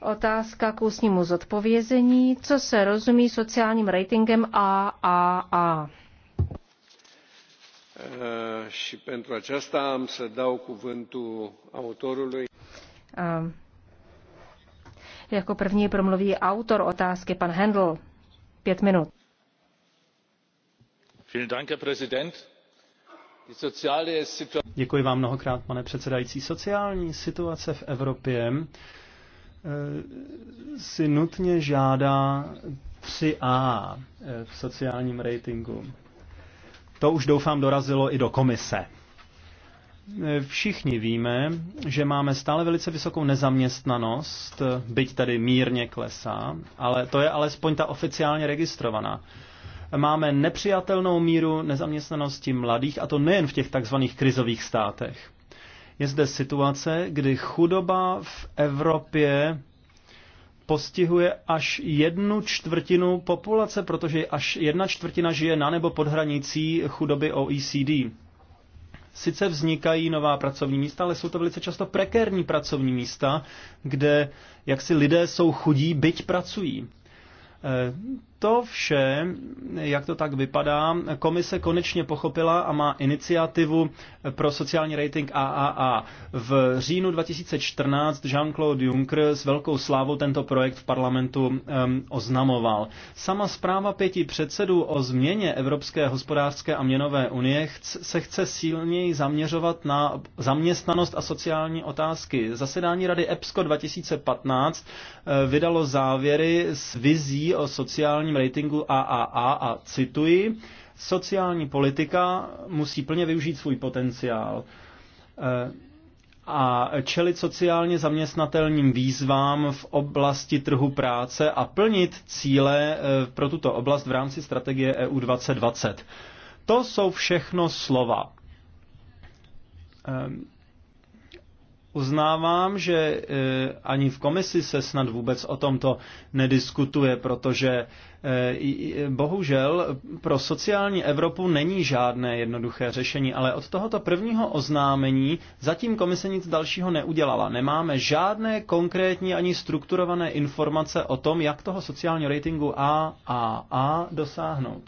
Otázka k ústnímu zodpovězení. Co se rozumí sociálním ratingem AAA? Eh, și pentru aceasta am să dau cuvântul autorului. Eh, jako první promluví autor otázky, pan Hendl. Pět minut. Děkuji vám mnohokrát, pane předsedající. Sociální situace v Evropě Eh, si nutně žádá 3A eh, v sociálním ratingu. To už doufám dorazilo i do komise. Eh, všichni víme, že máme stále velice vysokou nezaměstnanost, byť tady mírně klesá, ale to je alespoň ta oficiálně registrovaná. Máme nepřijatelnou míru nezaměstnanosti mladých, a to nejen v těch takzvaných krizových státech. Je zde situace, kdy chudoba v Evropě postihuje až jednu čtvrtinu populace, protože až jedna čtvrtina žije na nebo pod hranicí chudoby OECD. Sice vznikají nová pracovní místa, ale jsou to velice často prekérní pracovní místa, kde jaksi lidé jsou chudí, byť pracují. Eh, to vše, jak to tak vypadá, komise konečně pochopila a má iniciativu pro sociální rating AAA. V říjnu 2014 Jean-Claude Juncker s velkou slávou tento projekt v parlamentu um, oznamoval. Sama zpráva pěti předsedů o změně Evropské hospodářské a měnové unie chc- se chce silněji zaměřovat na zaměstnanost a sociální otázky. Zasedání Rady EPSCO 2015 eh, vydalo závěry s vizí o sociální sociálním ratingu AAA a cituji, sociální politika musí plně využít svůj potenciál eh, a čelit sociálně zaměstnatelným výzvám v oblasti trhu práce a plnit cíle eh, pro tuto oblast v rámci strategie EU 2020. To jsou všechno slova. Ehm, Uznávám, že e, ani v komisi se snad vůbec o tomto nediskutuje, protože e, bohužel pro sociální Evropu není žádné jednoduché řešení, ale od tohoto prvního oznámení zatím komise nic dalšího neudělala. Nemáme žádné konkrétní ani strukturované informace o tom, jak toho sociálního ratingu AAA dosáhnout.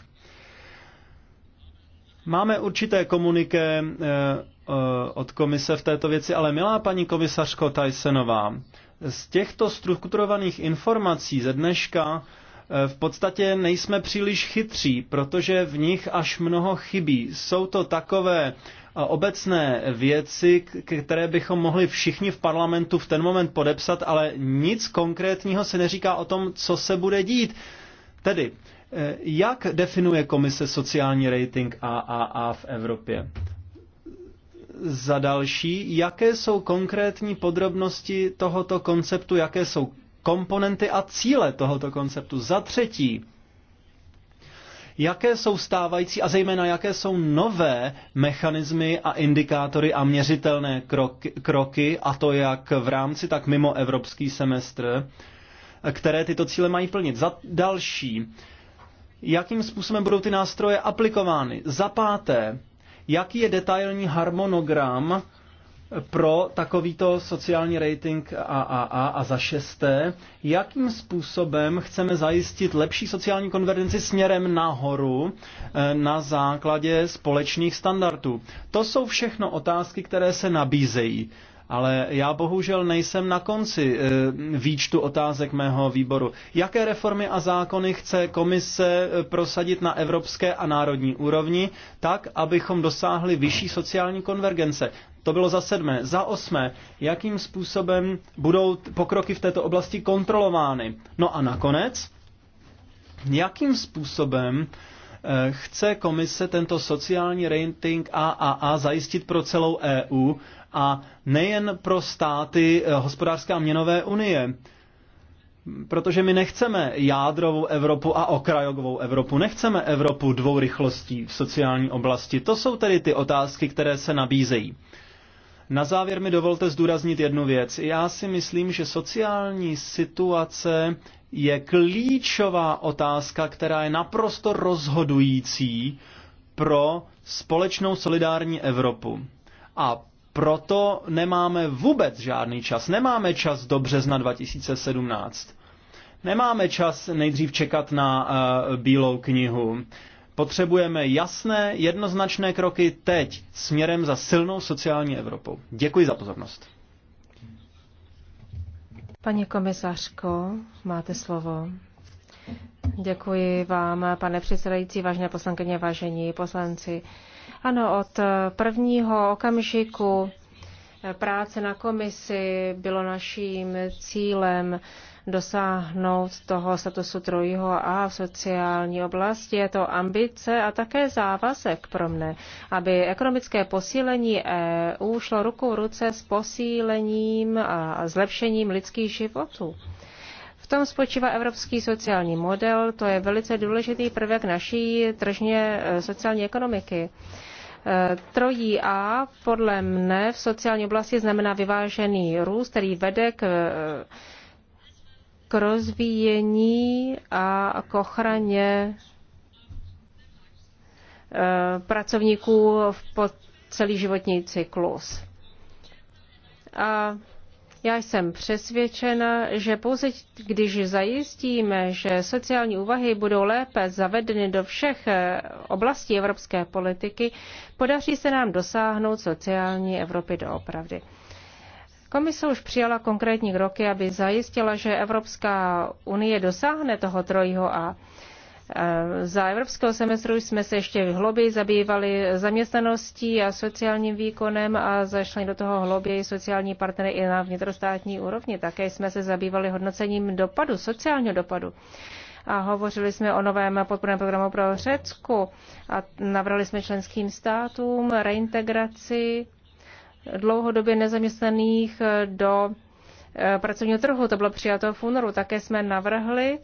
Máme určité komuniké e, Eh, od komise v této věci, ale milá paní komisařko Tajsenová, z těchto strukturovaných informací ze dneška eh, v podstatě nejsme příliš chytří, protože v nich až mnoho chybí. Jsou to takové eh, obecné věci, které bychom mohli všichni v parlamentu v ten moment podepsat, ale nic konkrétního se neříká o tom, co se bude dít. Tedy, jak definuje komise sociální rating AAA v Evropě? za další, jaké jsou konkrétní podrobnosti tohoto konceptu, jaké jsou komponenty a cíle tohoto konceptu. Za třetí, jaké jsou stávající a zejména jaké jsou nové mechanismy a indikátory a měřitelné kroky, kroky a to jak v rámci, tak mimo evropský semestr, které tyto cíle mají plnit. Za další, jakým způsobem budou ty nástroje aplikovány. Za páté, Jaký je detailní harmonogram pro takovýto sociální rating AAA a za šesté, jakým způsobem chceme zajistit lepší sociální konvergenci směrem nahoru eh, na základě společných standardů. To jsou všechno otázky, které se nabízejí. Ale já bohužel nejsem na konci eh, výčtu otázek mého výboru. Jaké reformy a zákony chce komise eh, prosadit na evropské a národní úrovni, tak, abychom dosáhli vyšší sociální konvergence? To bylo za sedmé. Za osmé, jakým způsobem budou pokroky v této oblasti kontrolovány? No a nakonec, jakým způsobem eh, chce komise tento sociální rating AAA zajistit pro celou EU a nejen pro státy eh, hospodářské a měnové unie. Protože my nechceme jádrovou Evropu a okrajovou Evropu. Nechceme Evropu dvou rychlostí v sociální oblasti. To jsou tedy ty otázky, které se nabízejí. Na závěr mi dovolte zdůraznit jednu věc. Já si myslím, že sociální situace je klíčová otázka, která je naprosto rozhodující pro společnou solidární Evropu. A proto nemáme vůbec žádný čas. Nemáme čas do března 2017. Nemáme čas nejdřív čekat na uh, bílou knihu. Potřebujeme jasné, jednoznačné kroky teď směrem za silnou sociální Evropou. Děkuji za pozornost. Paní komisařko, máte slovo. Děkuji vám, pane předsedající, vážné poslankyně, vážení poslanci. Ano, od prvního okamžiku práce na komisi bylo naším cílem dosáhnout toho statusu trojího A v sociální oblasti. Je to ambice a také závazek pro mne, aby ekonomické posílení EU šlo ruku v ruce s posílením a zlepšením lidských životů. V tom spočívá evropský sociální model, to je velice důležitý prvek naší tržně eh, sociální ekonomiky. Eh, trojí A podle mne v sociální oblasti znamená vyvážený růst, který vede k, eh, k rozvíjení a k ochraně eh, pracovníků v celý životní cyklus. A já jsem přesvědčena, že pouze když zajistíme, že sociální úvahy budou lépe zavedeny do všech eh, oblastí evropské politiky, podaří se nám dosáhnout sociální Evropy doopravdy. Komise už přijala konkrétní kroky, aby zajistila, že Evropská unie dosáhne toho trojího A. Eh, za evropského semestru jsme se ještě hlouběji zabývali zaměstnaností a sociálním výkonem a zašli do toho hlouběji sociální partnery i na vnitrostátní úrovni. Také jsme se zabývali hodnocením dopadu, sociálního dopadu a hovořili jsme o novém podporném programu pro Řecku a navrhli jsme členským státům reintegraci dlouhodobě nezaměstnaných do eh, pracovního trhu. To bylo přijato v únoru. Také jsme navrhli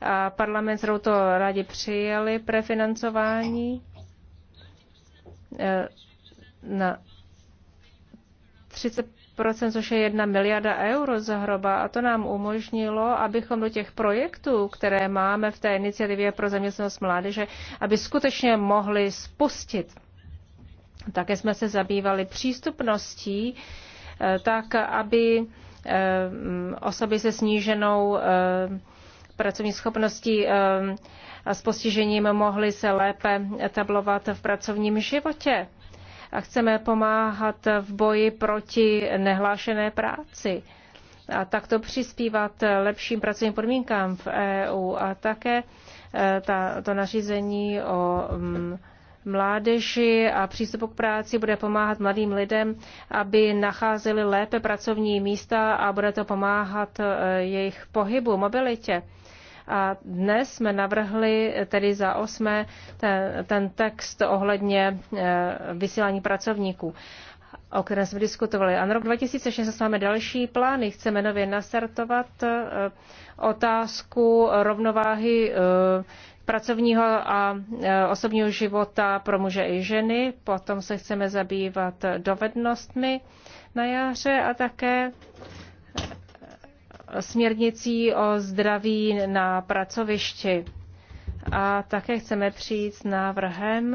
a parlament s to rádi přijeli prefinancování eh, na 30 což je jedna miliarda euro zhruba. A to nám umožnilo, abychom do těch projektů, které máme v té iniciativě pro zaměstnanost mládeže, aby skutečně mohli spustit. Také jsme se zabývali přístupností, eh, tak aby eh, osoby se sníženou pracovní schopnosti eh, a s postižením mohli se lépe etablovat v pracovním životě. A chceme pomáhat v boji proti nehlášené práci a takto přispívat lepším pracovním podmínkám v EU a také eh, ta, to nařízení o mm, mládeži a přístupu k práci bude pomáhat mladým lidem, aby nacházeli lépe pracovní místa a bude to pomáhat eh, jejich pohybu, mobilitě. A dnes jsme navrhli tedy za osmé ten, ten text ohledně e, vysílání pracovníků o kterém jsme diskutovali. A na rok 2016 máme další plány. Chceme nově nastartovat e, otázku rovnováhy e, pracovního a osobního života pro muže i ženy. Potom se chceme zabývat dovednostmi na jaře a také směrnicí o zdraví na pracovišti. A také chceme přijít s návrhem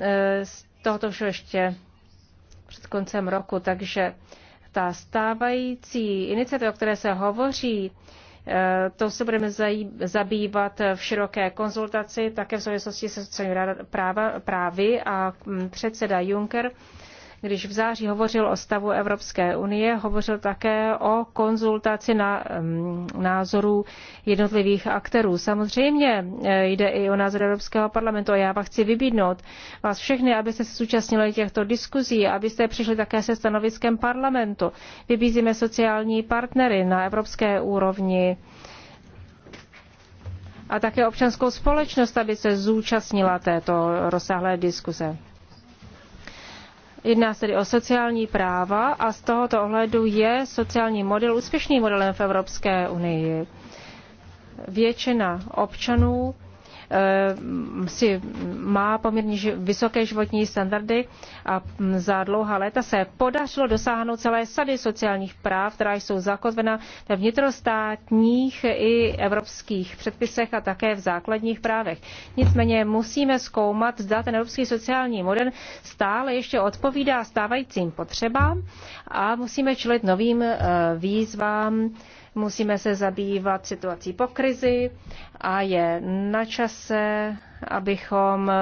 e, z tohoto všeho ještě před koncem roku. Takže ta stávající iniciativa, o které se hovoří, e, to se budeme zabývat v široké konzultaci, také v souvislosti se sociální práva, právy a mm, předseda Juncker když v září hovořil o stavu Evropské unie, hovořil také o konzultaci na, názorů jednotlivých aktérů. Samozřejmě eh, jde i o názor Evropského parlamentu a já vás chci vybídnout vás všechny, abyste se zúčastnili těchto diskuzí, abyste přišli také se stanoviskem parlamentu. Vybízíme sociální partnery na evropské úrovni a také občanskou společnost, aby se zúčastnila této rozsáhlé diskuze. Jedná se tedy o sociální práva a z tohoto ohledu je sociální model úspěšným modelem v Evropské unii. Většina občanů Eh, si má poměrně vysoké životní standardy a hm, za dlouhá léta se podařilo dosáhnout celé sady sociálních práv, která jsou zakotvena ve vnitrostátních i evropských předpisech a také v základních právech. Nicméně musíme zkoumat, zda ten evropský sociální model stále ještě odpovídá stávajícím potřebám a musíme čelit novým eh, výzvám, Musíme se zabývat situací po krizi a je na čase, abychom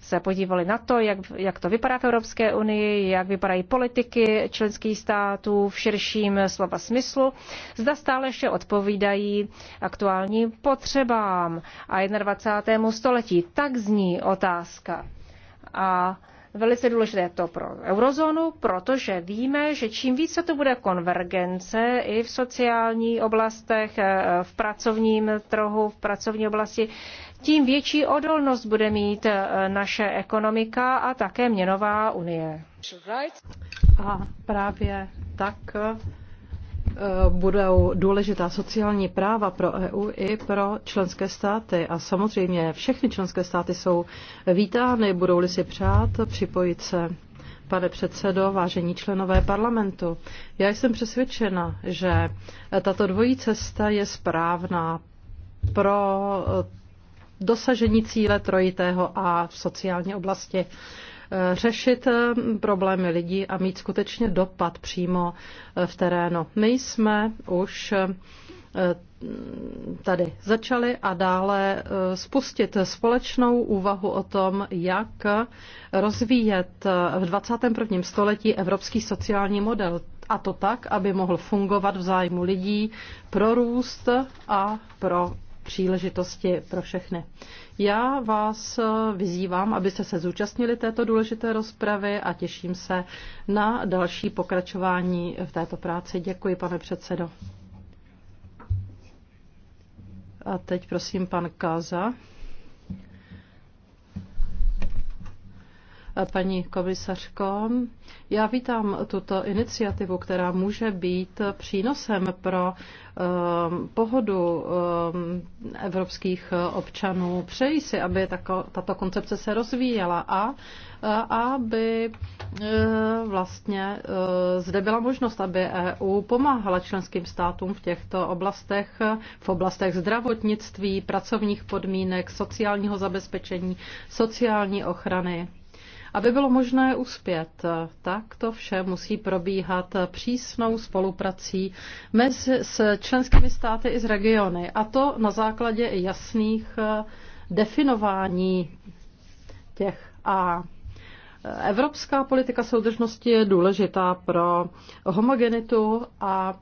se podívali na to, jak, jak to vypadá v Evropské unii, jak vypadají politiky členských států v širším slova smyslu. Zda stále ještě odpovídají aktuálním potřebám a 21. století. Tak zní otázka. A velice důležité to pro eurozónu, protože víme, že čím více to bude konvergence i v sociální oblastech, eh, v pracovním trhu, v pracovní oblasti, tím větší odolnost bude mít eh, naše ekonomika a také měnová unie. A právě tak Eh, budou důležitá sociální práva pro EU i pro členské státy. A samozřejmě všechny členské státy jsou vítány, budou-li si přát připojit se. Pane předsedo, vážení členové parlamentu, já jsem přesvědčena, že tato dvojí cesta je správná pro eh, dosažení cíle trojitého a v sociální oblasti. Eh, řešit eh, problémy lidí a mít skutečně dopad přímo eh, v terénu. My jsme už tady začali a dále spustit společnou úvahu o tom, jak rozvíjet v 21. století evropský sociální model. A to tak, aby mohl fungovat v zájmu lidí pro růst a pro příležitosti pro všechny. Já vás vyzývám, abyste se zúčastnili této důležité rozpravy a těším se na další pokračování v této práci. Děkuji, pane předsedo. A teď prosím pan Kaza. Paní komisařko, já vítám tuto iniciativu, která může být přínosem pro ehm, pohodu ehm, evropských občanů. Přeji si, aby tato koncepce se rozvíjela a e, aby e, vlastně e, zde byla možnost, aby EU pomáhala členským státům v těchto oblastech, v oblastech zdravotnictví, pracovních podmínek, sociálního zabezpečení, sociální ochrany. Aby bylo možné uspět, tak to vše musí probíhat přísnou spoluprací mezi s členskými státy i z regiony. A to na základě jasných eh, definování těch a Evropská politika soudržnosti je důležitá pro homogenitu a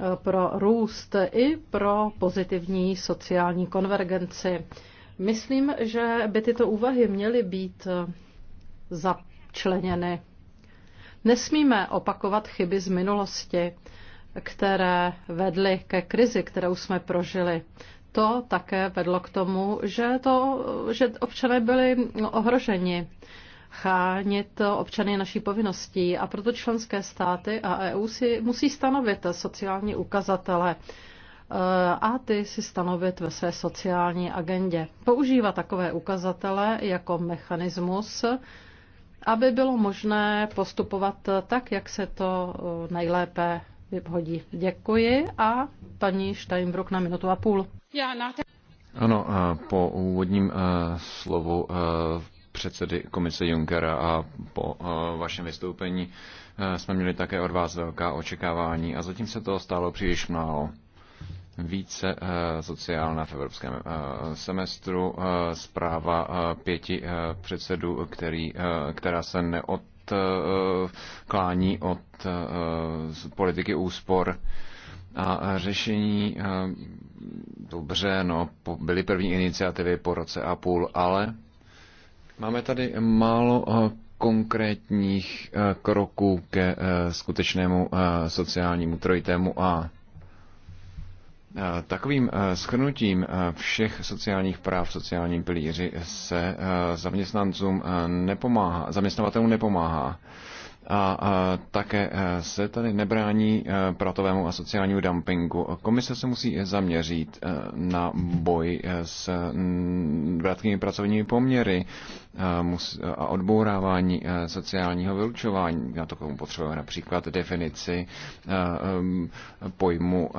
eh, pro růst i pro pozitivní sociální konvergenci. Myslím, že by tyto úvahy měly být eh, začleněny. Nesmíme opakovat chyby z minulosti, které vedly ke krizi, kterou jsme prožili. To také vedlo k tomu, že, to, že občané byli ohroženi. Chránit občany naší povinností a proto členské státy a EU si musí stanovit sociální ukazatele eh, a ty si stanovit ve své sociální agendě. Používá takové ukazatele jako mechanismus, aby bylo možné postupovat tak, jak se to eh, nejlépe vyhodí. Děkuji a paní Steinbrück na minutu a půl. Ano, po úvodním eh, slovu eh, předsedy komise Junckera a po vašem vystoupení jsme měli také od vás velká očekávání a zatím se toho stálo příliš málo více eh, sociálna v evropském eh, semestru, eh, zpráva pěti předsedů, který, která se neodklání od politiky úspor a řešení dobře, no, byly první iniciativy po roce a půl, ale máme tady málo konkrétních kroků ke skutečnému sociálnímu trojitému A. Eh, takovým eh, schrnutím eh, všech sociálních práv v sociálním pilíři se zaměstnancům nepomáhá, zaměstnavatelům nepomáhá. A také se tady nebrání pratovému a sociálnímu dumpingu. Komise se musí zaměřit na boj s mm, vratkými pracovními poměry, a odbourávání sociálního vylučování. Na to komu potřebujeme například definici um, pojmu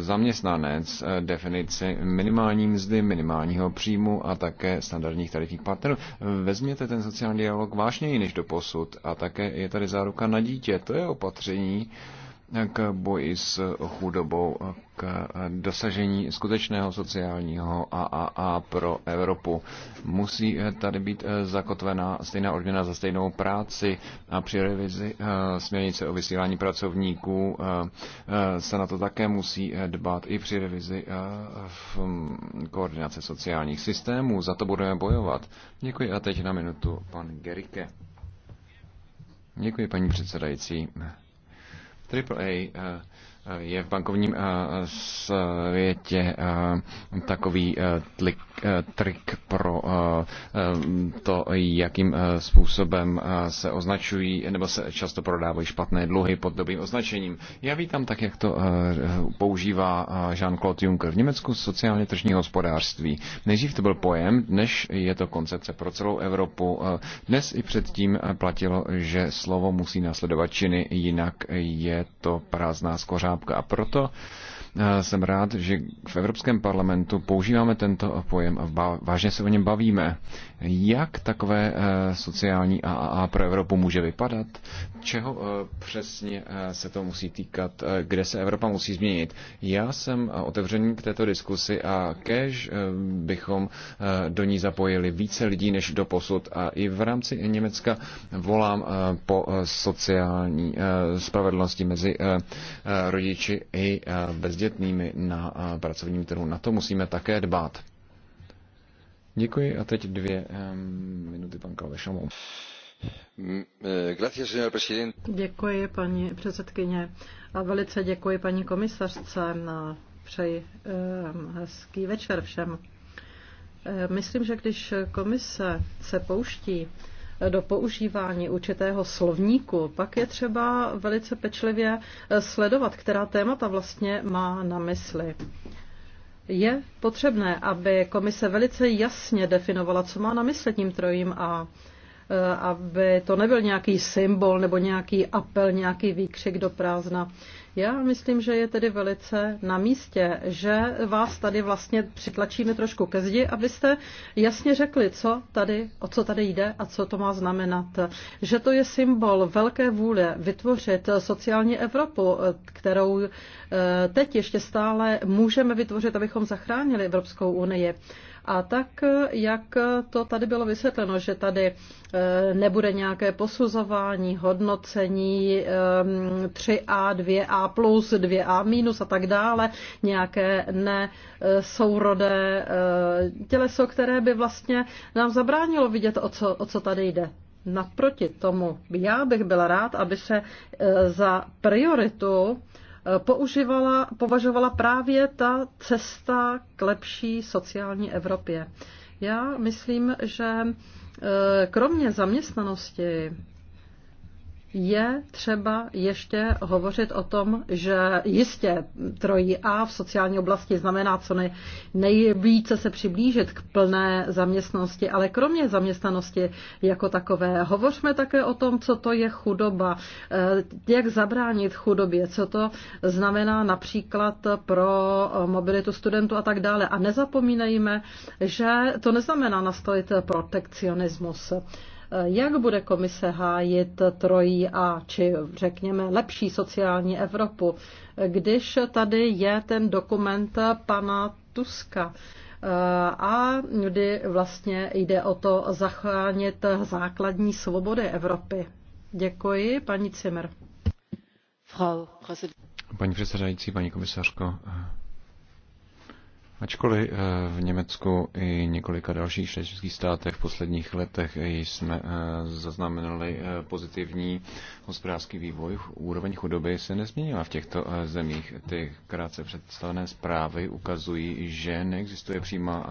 zaměstnanec, definici minimální mzdy, minimálního příjmu a také standardních tarifních partnerů. Vezměte ten sociální dialog vážněji než do posud a také je tady záruka na dítě. To je opatření, k boji s chudobou, k dosažení skutečného sociálního AAA pro Evropu. Musí tady být zakotvená stejná odměna za stejnou práci a při revizi eh, směrnice o vysílání pracovníků eh, eh, se na to také musí dbát i při revizi v mm, koordinace sociálních systémů. Za to budeme bojovat. Děkuji a teď na minutu pan Gerike. Děkuji, paní předsedající. AAA eh, eh, je v bankovním eh, světě takový tlik Eh, trik pro eh, to, jakým eh, způsobem se označují nebo se často prodávají špatné dluhy pod dobým označením. Já vítám tak, jak to používá Jean-Claude Juncker v Německu sociálně tržní hospodářství. Nejdřív to byl pojem, než je to koncepce pro celou Evropu. Dnes i předtím platilo, že slovo musí následovat činy, jinak je to prázdná skořápka. A proto jsem rád, že v Evropském parlamentu používáme tento pojem a vážně se o něm bavíme. Jak takové eh, sociální AAA pro Evropu může vypadat? Čeho eh, přesně eh, se to musí týkat? Kde se Evropa musí změnit? Já jsem otevřený k této diskusi a kež bychom do ní zapojili více lidí než do posud a i v rámci Německa volám po sociální spravedlnosti mezi rodiči i bezdětnými na pracovním trhu. Na to musíme také dbát. Děkuji a teď dvě minuty pan Kalvešamon. Mm, eh, děkuji, paní předsedkyně, a velice děkuji paní komisařce na přeji hezký večer všem. Eh, myslím, že když komise se pouští eh, do používání určitého slovníku, pak je třeba velice pečlivě sledovat, která témata vlastně má na mysli je potřebné, aby komise velice jasně definovala, co má na mysli tím trojím A Eh, aby to nebyl nějaký symbol nebo nějaký apel, nějaký výkřik do prázdna. Já myslím, že je tedy velice na místě, že vás tady vlastně přitlačíme trošku ke zdi, abyste jasně řekli, co tady, o co tady jde a co to má znamenat. Že to je symbol velké vůle vytvořit sociální Evropu, eh, kterou eh, teď ještě stále můžeme vytvořit, abychom zachránili Evropskou unii. A tak, jak to tady bylo vysvětleno, že tady eh, nebude nějaké posuzování, hodnocení 3A, 2A+, 2A- a tak dále, nějaké nesourodé eh, eh, těleso, které by vlastně nám zabránilo vidět, o co, o co tady jde. Naproti tomu, já bych byla rád, aby se za prioritu používala, považovala právě ta cesta k lepší sociální Evropě. Já myslím, že eh, kromě zaměstnanosti je třeba ještě hovořit o tom, že jistě trojí A v sociální oblasti znamená co nej, nejvíce se přiblížit k plné zaměstnanosti, ale kromě zaměstnanosti jako takové, hovořme také o tom, co to je chudoba, eh, jak zabránit chudobě, co to znamená například pro eh, mobilitu studentů a tak dále. A nezapomínejme, že to neznamená nastavit protekcionismus. Jak bude komise hájit trojí a či řekněme lepší sociální Evropu, když tady je ten dokument pana Tuska? a kdy vlastně jde o to zachránit základní svobody Evropy. Děkuji, paní Cimer. Paní předsedající, paní komisařko, Ačkoliv eh, v Německu i několika dalších švédských státech v posledních letech jsme eh, zaznamenali eh, pozitivní hospodářský vývoj, úroveň chudoby se nezměnila v těchto zemích. Ty krátce představené zprávy ukazují, že neexistuje přímá,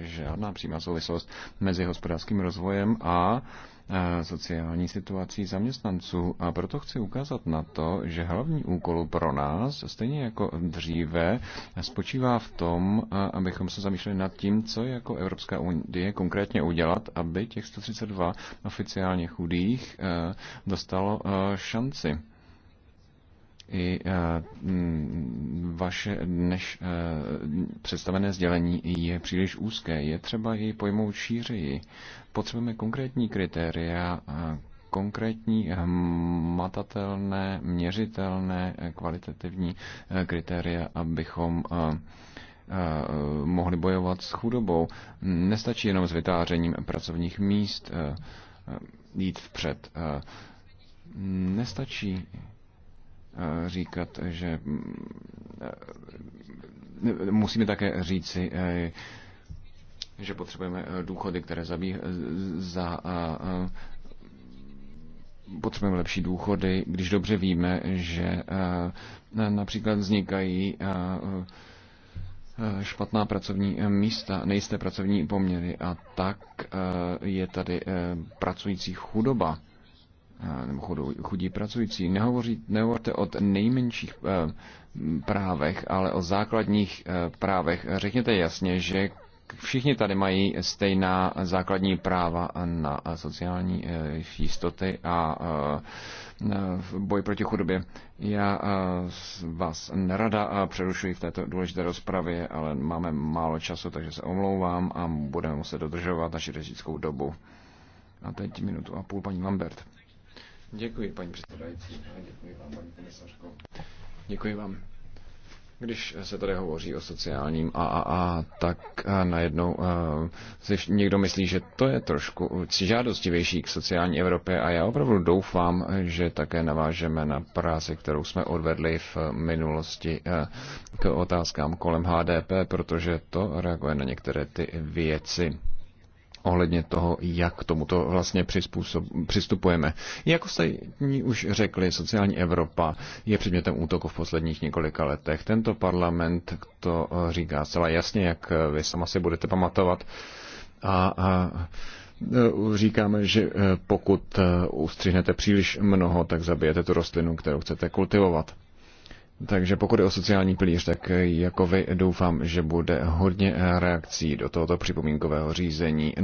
žádná přímá souvislost mezi hospodářským rozvojem a E, sociální situací zaměstnanců. A proto chci ukázat na to, že hlavní úkol pro nás, stejně jako dříve, spočívá v tom, e, abychom se zamýšleli nad tím, co jako Evropská unie konkrétně udělat, aby těch 132 oficiálně chudých e, dostalo šanci i eh, mm, vaše dneš eh, představené sdělení je příliš úzké. Je třeba jej pojmout šířeji. Potřebujeme konkrétní kritéria, eh, konkrétní, matatelné, měřitelné, kvalitativní kritéria, abychom mohli bojovat s chudobou. Nestačí jenom s vytvářením pracovních míst jít vpřed. Nestačí Eh, říkat, že mm, eh, musíme také říci, eh, že potřebujeme důchody, které zabí, za, potřebujeme lepší důchody, když dobře víme, že například vznikají špatná pracovní místa, nejisté pracovní poměry a tak je tady pracující chudoba nebo chudí pracující. Nehovoří, nehovoříte o nejmenších e, právech, ale o základních e, právech. Řekněte jasně, že všichni tady mají stejná základní práva na sociální e, jistoty a boj proti chudobě. Já vás nerada přerušuji v této důležité rozpravě, ale máme málo času, takže se omlouvám a budeme muset dodržovat naši řečnickou dobu. A teď minutu a půl, paní Lambert. Děkuji, paní předsedající. Děkuji vám, paní komisařko. Děkuji vám. Když se tady hovoří o sociálním a a a tak eh, najednou eh, si někdo myslí, že to je trošku žádostivější k sociální Evropě a já opravdu doufám, že také navážeme na práci, kterou jsme odvedli v minulosti eh, k otázkám kolem HDP, protože to reaguje na některé ty věci ohledně toho, jak k tomuto vlastně přistupujeme. Jak ostatní už řekli, sociální Evropa je předmětem útoku v posledních několika letech. Tento parlament to eh, říká zcela jasně, jak eh, vy sama si budete pamatovat. A, a eh, říkáme, že pokud ustřihnete příliš mnoho, tak zabijete tu rostlinu, kterou chcete kultivovat. Takže pokud je o sociální pilíř, tak jako vy doufám, že bude hodně reakcí do tohoto připomínkového řízení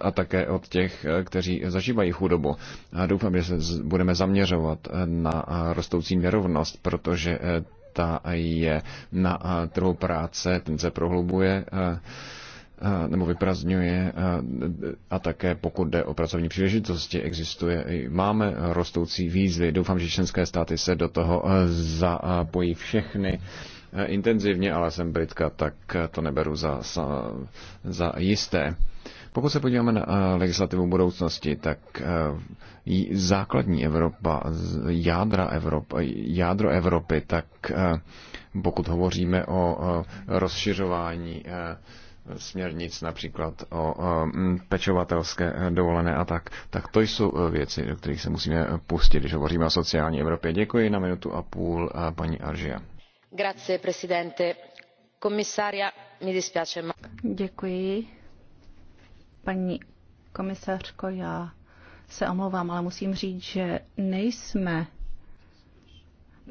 a také od těch, kteří zažívají chudobu. A doufám, že se budeme zaměřovat na rostoucí nerovnost, protože ta je na trhu práce, ten se prohlubuje nebo vyprazňuje a také pokud jde o pracovní příležitosti, existuje, máme rostoucí výzvy. Doufám, že členské státy se do toho zapojí všechny intenzivně, ale jsem Britka, tak to neberu za, za, za jisté. Pokud se podíváme na legislativu budoucnosti, tak základní Evropa, jádra Evropa, jádro Evropy, tak pokud hovoříme o rozšiřování směrnic, například o mm, pečovatelské eh, dovolené a tak. Tak to jsou eh, věci, do kterých se musíme eh, pustit, když hovoříme o sociální Evropě. Děkuji na minutu a půl paní Aržia. Grazie, presidente. Komisária, mi dispiace. Děkuji. Paní komisařko, já se omlouvám, ale musím říct, že nejsme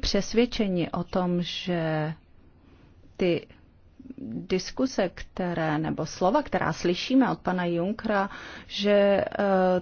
přesvědčeni o tom, že ty diskuse, které, nebo slova, která slyšíme od pana Junkra, že eh,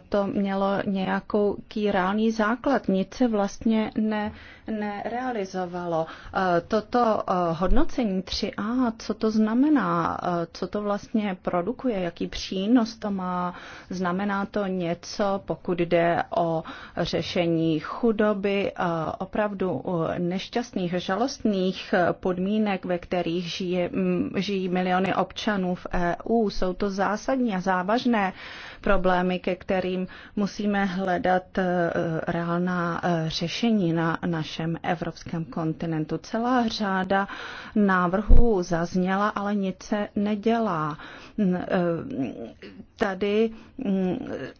to mělo nějakou reálný základ, nic se vlastně ne, nerealizovalo. Eh, toto eh, hodnocení 3A, co to znamená, co to vlastně produkuje, jaký přínos to má, znamená to něco, pokud jde o řešení chudoby, opravdu nešťastných, žalostných podmínek, ve kterých žije žijí miliony občanů v EU. Jsou to zásadní a závažné problémy, ke kterým musíme hledat e, reálná e, řešení na našem evropském kontinentu. Celá řáda návrhů zazněla, ale nic se nedělá. E, tady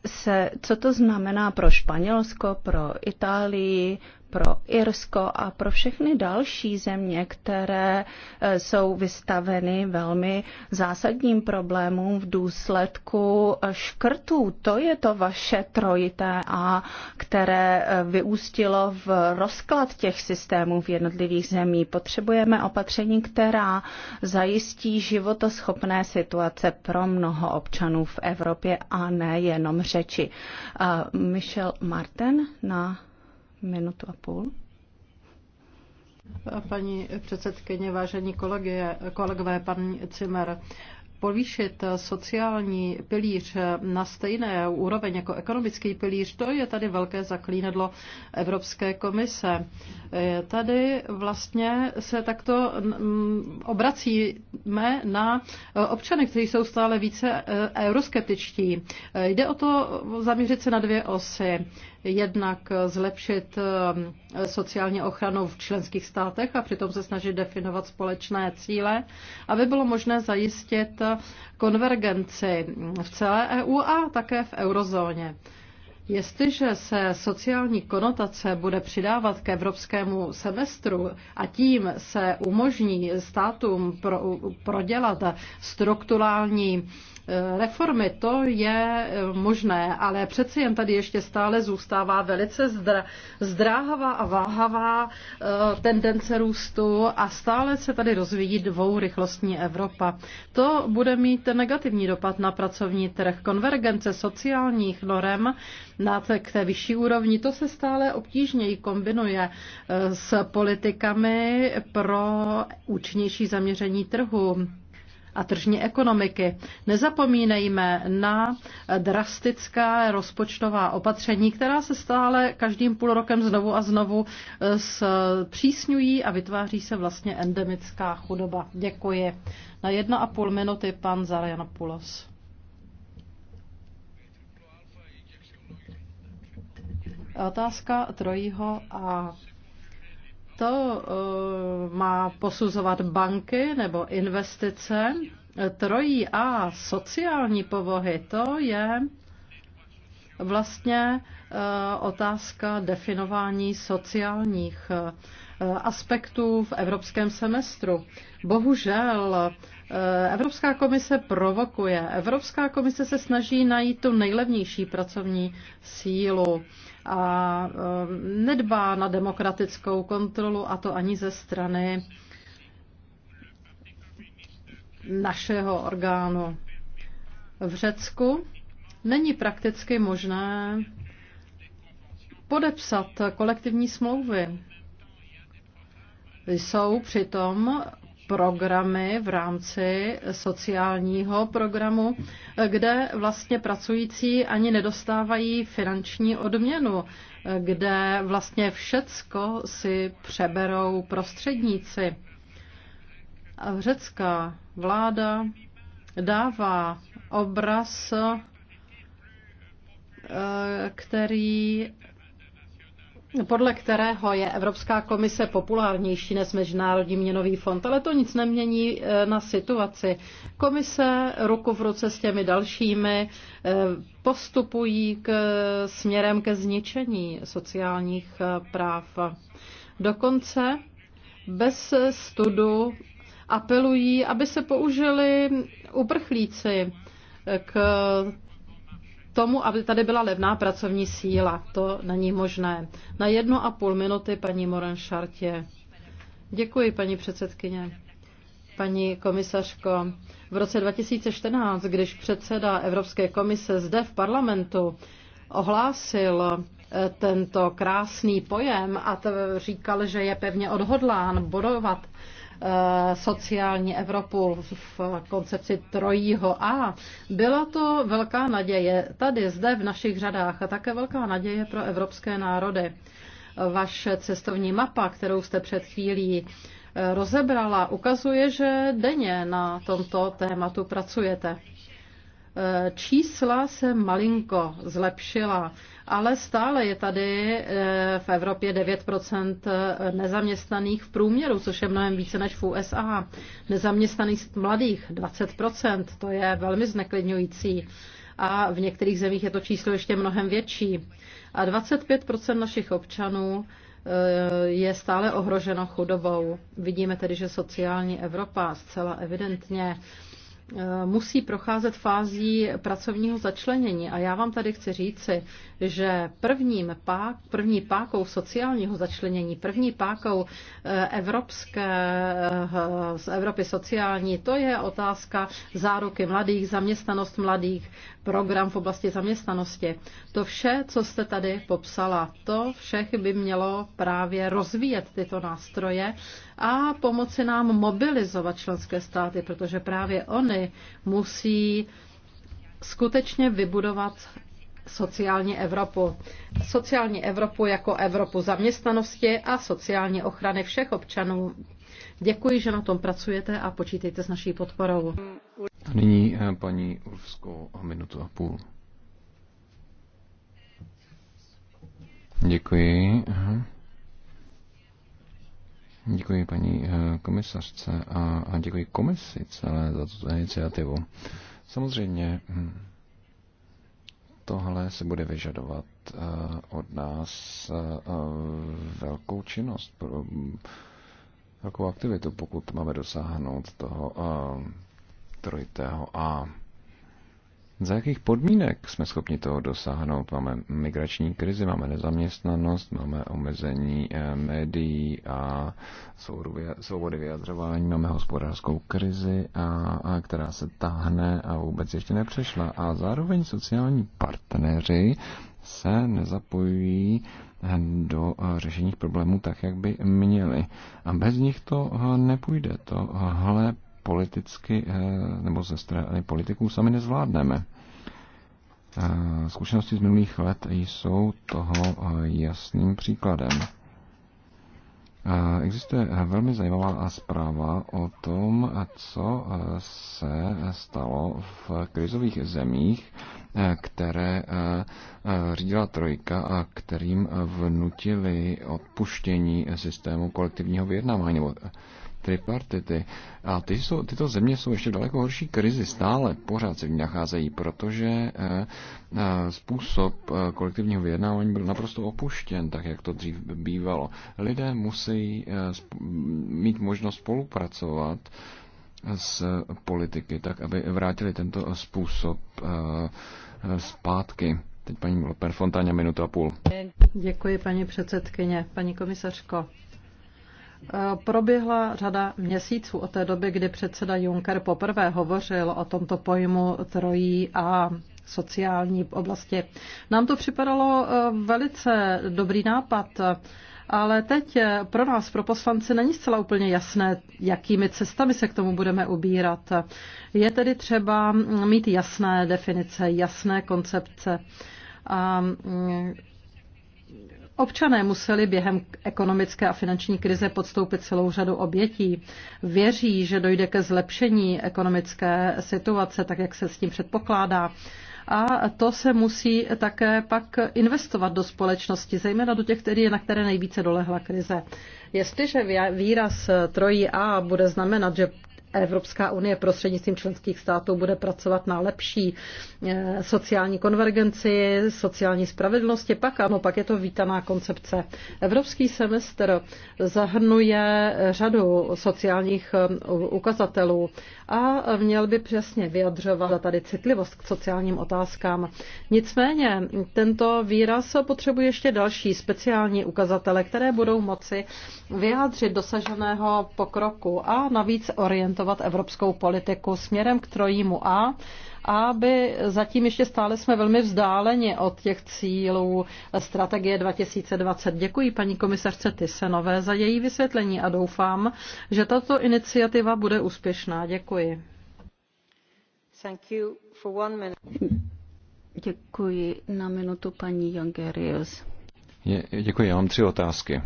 se, co to znamená pro Španělsko, pro Itálii, pro Irsko a pro všechny další země, které eh, jsou vystaveny velmi zásadním problémům v důsledku eh, škrtů. To je to vaše trojité A, které eh, vyústilo v rozklad těch systémů v jednotlivých zemí. Potřebujeme opatření, která zajistí životoschopné situace pro mnoho občanů v Evropě a ne jenom řeči. Michel Martin na minutu a půl. Paní předsedkyně, vážení kolegie, kolegové, pan Cimer, povýšit sociální pilíř na stejné úroveň jako ekonomický pilíř, to je tady velké zaklínedlo Evropské komise. Tady vlastně se takto mm, obracíme na občany, kteří jsou stále více euroskeptičtí. Jde o to zaměřit se na dvě osy jednak zlepšit eh, sociální ochranu v členských státech a přitom se snažit definovat společné cíle, aby bylo možné zajistit konvergenci v celé EU a také v eurozóně. Jestliže se sociální konotace bude přidávat k evropskému semestru a tím se umožní státům pro, prodělat strukturální Eh, reformy. To je eh, možné, ale přeci jen tady ještě stále zůstává velice zdráhavá a váhavá eh, tendence růstu a stále se tady rozvíjí dvourychlostní Evropa. To bude mít negativní dopad na pracovní trh. Konvergence sociálních norem na k té vyšší úrovni, to se stále obtížněji kombinuje s politikami pro účinnější zaměření trhu a tržní ekonomiky. Nezapomínejme na drastická rozpočtová opatření, která se stále každým půl rokem znovu a znovu eh, přísňují a vytváří se vlastně endemická chudoba. Děkuji. Na jedna a půl minuty pan Zarianopoulos. Otázka trojího a to eh, má posuzovat banky nebo investice. Trojí a sociální povahy, to je vlastně eh, otázka definování sociálních eh, aspektů v evropském semestru. Bohužel Evropská komise provokuje. Evropská komise se snaží najít tu nejlevnější pracovní sílu a um, nedbá na demokratickou kontrolu, a to ani ze strany našeho orgánu. V Řecku není prakticky možné podepsat kolektivní smlouvy. Jsou přitom programy v rámci sociálního programu, kde vlastně pracující ani nedostávají finanční odměnu, kde vlastně všecko si přeberou prostředníci. A řecká vláda dává obraz eh, který podle kterého je Evropská komise populárnější než Mezinárodní měnový fond, ale to nic nemění eh, na situaci. Komise ruku v ruce s těmi dalšími eh, postupují k, eh, směrem ke zničení sociálních práv. Dokonce bez studu apelují, aby se použili uprchlíci k tomu, aby tady byla levná pracovní síla. To není možné. Na jednu a půl minuty paní Moren Šartě. Děkuji, paní předsedkyně. Paní komisařko, v roce 2014, když předseda Evropské komise zde v parlamentu ohlásil eh, tento krásný pojem a říkal, že je pevně odhodlán bodovat Eh, sociální Evropu v koncepci trojího A. Byla to velká naděje tady, zde v našich řadách a také velká naděje pro evropské národy. Vaše cestovní mapa, kterou jste před chvílí eh, rozebrala, ukazuje, že denně na tomto tématu pracujete. Eh, čísla se malinko zlepšila, ale stále je tady eh, v Evropě 9 eh, nezaměstnaných v průměru, což je mnohem více než v USA. Nezaměstnaných mladých 20 to je velmi zneklidňující a v některých zemích je to číslo ještě mnohem větší. A 25 našich občanů eh, je stále ohroženo chudobou. Vidíme tedy, že sociální Evropa zcela evidentně Eh, musí procházet fází pracovního začlenění. A já vám tady chci říci, že prvním pák, první pákou sociálního začlenění, první pákou eh, evropské, eh, z Evropy sociální, to je otázka záruky mladých, zaměstnanost mladých, program v oblasti zaměstnanosti. To vše, co jste tady popsala, to všech by mělo právě rozvíjet tyto nástroje a pomoci nám mobilizovat členské státy, protože právě oni musí skutečně vybudovat sociální Evropu. Sociální Evropu jako Evropu zaměstnanosti a sociální ochrany všech občanů. Děkuji, že na tom pracujete a počítejte s naší podporou. A nyní eh, paní Ulfskou a minutu a půl. Děkuji. Aha. Děkuji paní eh, komisařce a děkuji komisi celé za tuto iniciativu. Samozřejmě hm, tohle se bude vyžadovat eh, od nás eh, velkou činnost, velkou aktivitu, pokud máme dosáhnout toho trojitého A za jakých podmínek jsme schopni toho dosáhnout? Máme migrační krizi, máme nezaměstnanost, máme omezení eh, médií a svobody vyjadřování, máme hospodářskou krizi, a, a která se táhne a vůbec ještě nepřešla. A zároveň sociální partneři se nezapojují do eh, řešení problémů tak, jak by měli. A bez nich to eh, nepůjde. Tohle politicky eh, nebo ze strany politiků sami nezvládneme. Eh, zkušenosti z minulých let jsou toho eh, jasným příkladem. Existuje velmi zajímavá zpráva o tom, co se stalo v krizových zemích, které řídila trojka a kterým vnutili odpuštění systému kolektivního vyjednávání nebo tripartity. A ty jsou, tyto země jsou ještě daleko horší krizi, stále pořád se v ní nacházejí, protože eh, eh, způsob eh, kolektivního vyjednávání byl naprosto opuštěn, tak jak to dřív bývalo. Lidé musí mít možnost spolupracovat s politiky, tak aby vrátili tento způsob zpátky. Teď paní Loper Fontáně, minutu a půl. Děkuji, paní předsedkyně, paní komisařko. Eh, proběhla řada měsíců od té doby, kdy předseda Juncker poprvé hovořil o tomto pojmu trojí a sociální oblasti. Nám to připadalo eh, velice dobrý nápad, ale teď eh, pro nás, pro poslanci, není zcela úplně jasné, jakými cestami se k tomu budeme ubírat. Je tedy třeba mm, mít jasné definice, jasné koncepce. A mm, Občané museli během ekonomické a finanční krize podstoupit celou řadu obětí. Věří, že dojde ke zlepšení ekonomické situace, tak jak se s tím předpokládá. A to se musí také pak investovat do společnosti, zejména do těch, který, na které nejvíce dolehla krize. Jestliže výraz trojí A bude znamenat, že Evropská unie prostřednictvím členských států bude pracovat na lepší eh, sociální konvergenci, sociální spravedlnosti, pak ano, pak je to vítaná koncepce. Evropský semestr zahrnuje řadu sociálních eh, ukazatelů a měl by přesně vyjadřovat tady citlivost k sociálním otázkám. Nicméně tento výraz potřebuje ještě další speciální ukazatele, které budou moci vyjádřit dosaženého pokroku a navíc orientovat orientovat evropskou politiku směrem k trojímu A, aby zatím ještě stále jsme velmi vzdáleni od těch cílů strategie 2020. Děkuji paní komisařce Tysenové za její vysvětlení a doufám, že tato iniciativa bude úspěšná. Děkuji. Thank you for one minute. Děkuji na minutu paní Jongerius. Děkuji, já mám tři otázky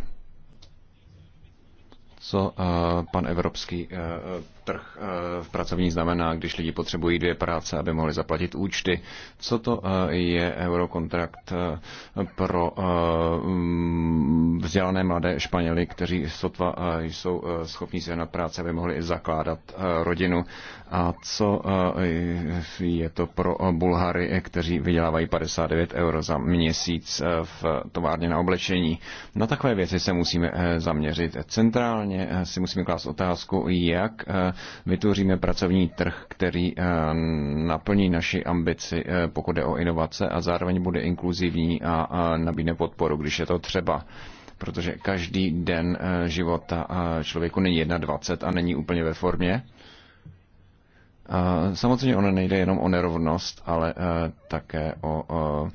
co eh, pan evropský eh, trh eh, v pracovní znamená, když lidi potřebují dvě práce, aby mohli zaplatit účty. Co to eh, je eurokontrakt eh, pro mm, vzdělané mladé Španěly, kteří sotva jsou schopni se na práce, aby mohli zakládat rodinu? A co je to pro Bulhary, kteří vydělávají 59 euro za měsíc v továrně na oblečení? Na takové věci se musíme zaměřit. Centrálně si musíme klást otázku, jak vytvoříme pracovní trh, který eh, naplní naši ambici, eh, pokud je o inovace a zároveň bude inkluzivní a nabídne podporu, když je to třeba protože každý den eh, života člověku není 21 a není úplně ve formě. Samozřejmě ono nejde jenom o nerovnost, ale eh, také o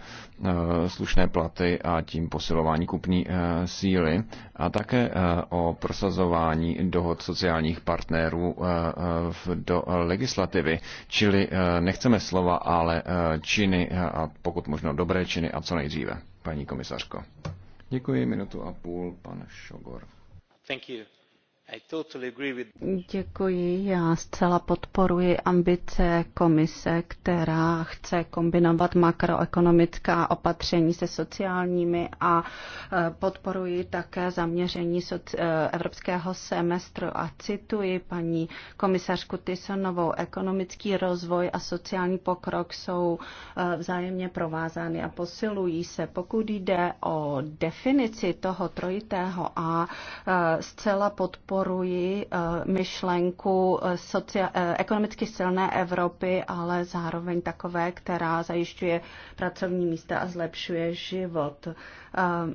eh, slušné platy a tím posilování kupní eh, síly a také o prosazování dohod sociálních partnerů do legislativy. Čili nechceme slova, ale činy a pokud možno dobré činy a co nejdříve, paní komisařko. Děkuji, minutu a půl, pan Šogor. Thank you. Děkuji, já zcela podporuji ambice komise, která chce kombinovat makroekonomická opatření se sociálními a e, podporuji také zaměření e, evropského semestru a cituji paní komisařku Tysonovou, ekonomický rozvoj a sociální pokrok jsou e, vzájemně provázány a posilují se. Pokud jde o definici toho trojitého a zcela podporuji podporuji eh, myšlenku eh, eh, ekonomicky silné Evropy, ale zároveň takové, která zajišťuje pracovní místa a zlepšuje život.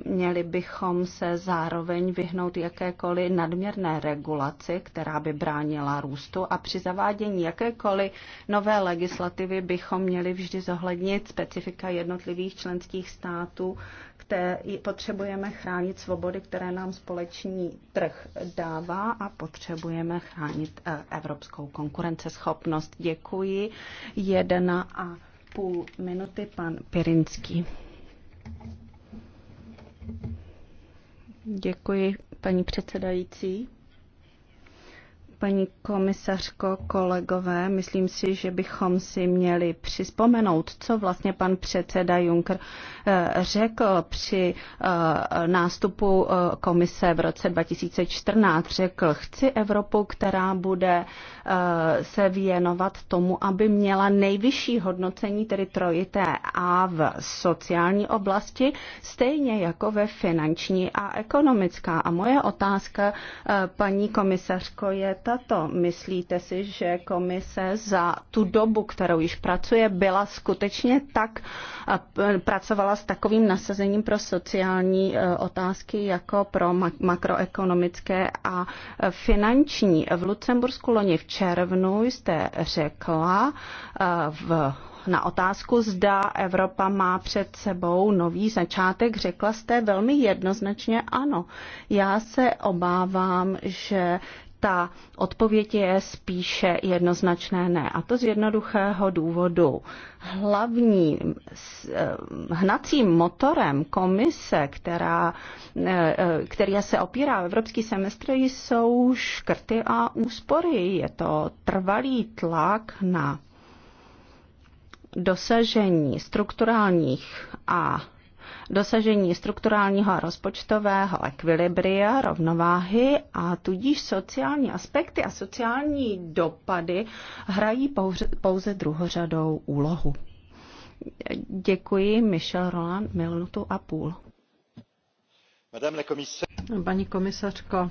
Měli bychom se zároveň vyhnout jakékoliv nadměrné regulaci, která by bránila růstu a při zavádění jakékoliv nové legislativy bychom měli vždy zohlednit specifika jednotlivých členských států které potřebujeme chránit svobody, které nám společný trh dává a potřebujeme chránit eh, evropskou konkurenceschopnost. Děkuji. Jedna a půl minuty pan Pirinský. Děkuji, paní předsedající. Paní komisařko, kolegové, myslím si, že bychom si měli přizpomenout, co vlastně pan předseda Juncker eh, řekl při eh, nástupu eh, komise v roce 2014. Řekl, chci Evropu, která bude se věnovat tomu, aby měla nejvyšší hodnocení, tedy trojité A v sociální oblasti, stejně jako ve finanční a ekonomická. A moje otázka, paní komisařko, je tato. Myslíte si, že komise za tu dobu, kterou již pracuje, byla skutečně tak, pracovala s takovým nasazením pro sociální e, otázky jako pro makroekonomické a e, finanční. V Lucembursku loni v červnu jste řekla e, v na otázku, zda Evropa má před sebou nový začátek, řekla jste velmi jednoznačně ano. Já se obávám, že ta odpověď je spíše jednoznačné ne. A to z jednoduchého důvodu. Hlavní eh, hnacím motorem komise, která, eh, eh, která se opírá v evropský semestr, jsou škrty a úspory. Je to trvalý tlak na dosažení strukturálních a dosažení strukturálního a rozpočtového ekvilibria, rovnováhy a tudíž sociální aspekty a sociální dopady hrají pouze druhořadou úlohu. Děkuji, Michel Roland, minutu a půl. Paní komisařko,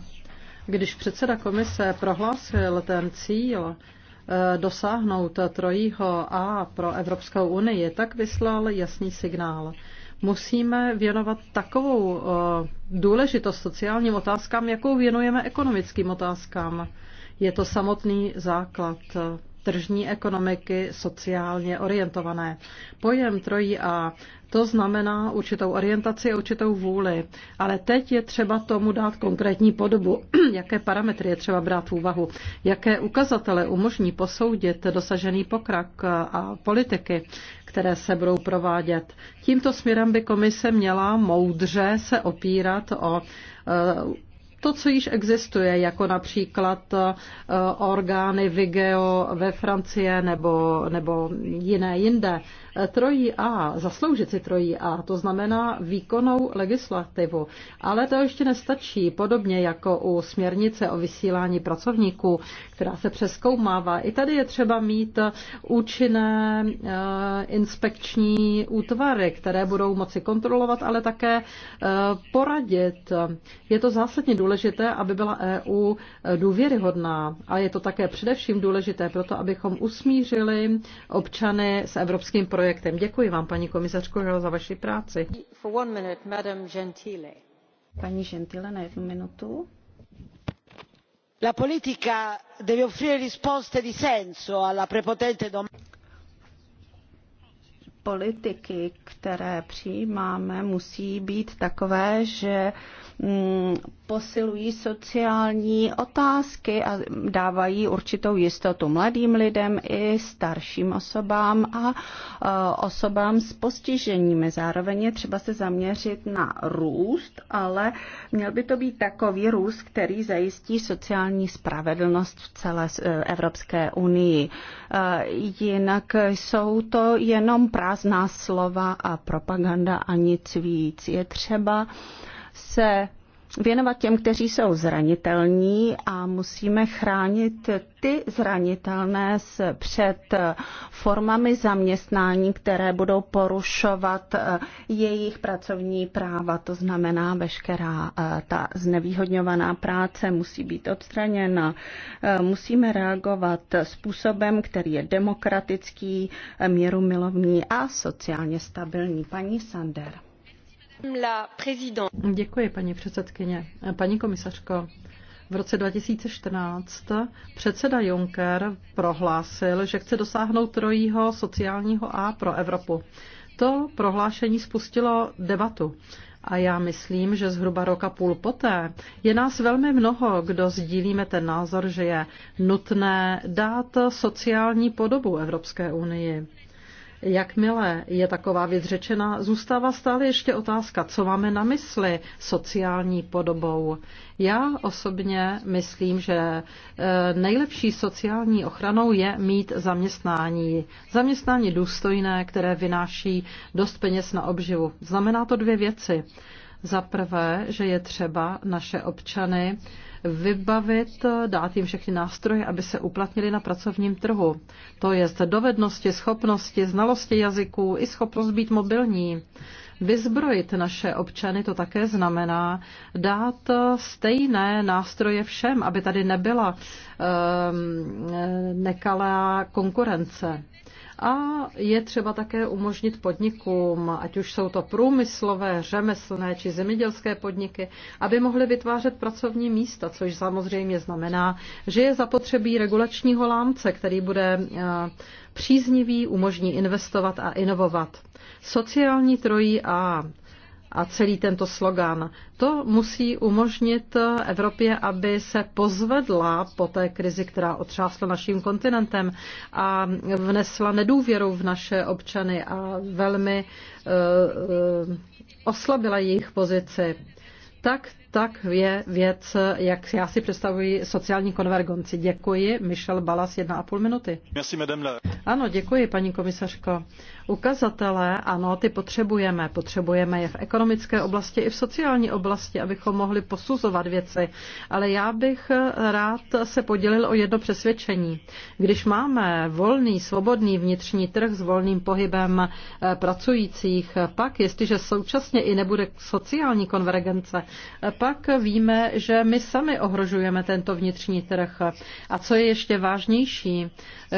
když předseda komise prohlásil ten cíl eh, dosáhnout trojího A pro Evropskou unii, tak vyslal jasný signál musíme věnovat takovou eh, důležitost sociálním otázkám, jakou věnujeme ekonomickým otázkám. Je to samotný základ eh, tržní ekonomiky sociálně orientované. Pojem trojí A to znamená určitou orientaci a určitou vůli. Ale teď je třeba tomu dát konkrétní podobu, jaké parametry je třeba brát v úvahu, jaké ukazatele umožní posoudit dosažený pokrok eh, a politiky, které se budou provádět. Tímto směrem by komise měla moudře se opírat o eh, to, co již existuje, jako například eh, orgány Vigeo ve Francie nebo, nebo jiné jinde trojí A, zasloužit si trojí A, to znamená výkonnou legislativu. Ale to ještě nestačí, podobně jako u směrnice o vysílání pracovníků, která se přeskoumává. I tady je třeba mít účinné eh, inspekční útvary, které budou moci kontrolovat, ale také eh, poradit. Je to zásadně důležité, aby byla EU důvěryhodná a je to také především důležité proto, abychom usmířili občany s evropským projektem projektem. Děkuji vám, paní komisařko, za vaši práci. Paní Gentile, na jednu minutu. La politica deve offrire risposte di senso alla prepotente politiky, které přijímáme, musí být takové, že mm, posilují sociální otázky a dávají určitou jistotu mladým lidem i starším osobám a e, osobám s postiženími. Zároveň je třeba se zaměřit na růst, ale měl by to být takový růst, který zajistí sociální spravedlnost v celé e, Evropské unii. E, jinak jsou to jenom prázdná slova a propaganda a nic víc. Je třeba se věnovat těm, kteří jsou zranitelní a musíme chránit ty zranitelné před formami zaměstnání, které budou porušovat eh, jejich pracovní práva. To znamená, veškerá eh, ta znevýhodňovaná práce musí být odstraněna. Eh, musíme reagovat způsobem, který je demokratický, milovní a sociálně stabilní. Paní Sander. Děkuji, paní předsedkyně. Paní komisařko, v roce 2014 předseda Juncker prohlásil, že chce dosáhnout trojího sociálního A pro Evropu. To prohlášení spustilo debatu. A já myslím, že zhruba roka půl poté je nás velmi mnoho, kdo sdílíme ten názor, že je nutné dát sociální podobu Evropské unii. Jakmile je taková věc řečena, zůstává stále ještě otázka, co máme na mysli sociální podobou. Já osobně myslím, že e, nejlepší sociální ochranou je mít zaměstnání. Zaměstnání důstojné, které vynáší dost peněz na obživu. Znamená to dvě věci. Za prvé, že je třeba naše občany vybavit, dát jim všechny nástroje, aby se uplatnili na pracovním trhu. To je dovednosti, schopnosti, znalosti jazyků i schopnost být mobilní. Vyzbrojit naše občany to také znamená dát stejné nástroje všem, aby tady nebyla um, nekalá konkurence. A je třeba také umožnit podnikům, ať už jsou to průmyslové, řemeslné či zemědělské podniky, aby mohly vytvářet pracovní místa, což samozřejmě znamená, že je zapotřebí regulačního lámce, který bude eh, příznivý, umožní investovat a inovovat. Sociální trojí A a celý tento slogan. To musí umožnit Evropě, aby se pozvedla po té krizi, která otřásla naším kontinentem a vnesla nedůvěru v naše občany a velmi uh, uh, oslabila jejich pozici. Tak tak je věc, jak já si představuji sociální konvergenci. Děkuji. Michel Balas, jedna a půl minuty. Merci, madame Ano, děkuji, paní komisařko. Ukazatele, ano, ty potřebujeme. Potřebujeme je v ekonomické oblasti i v sociální oblasti, abychom mohli posuzovat věci. Ale já bych rád se podělil o jedno přesvědčení. Když máme volný, svobodný vnitřní trh s volným pohybem eh, pracujících, pak, jestliže současně i nebude sociální konvergence, eh, pak naopak víme, že my sami ohrožujeme tento vnitřní trh. A co je ještě vážnější,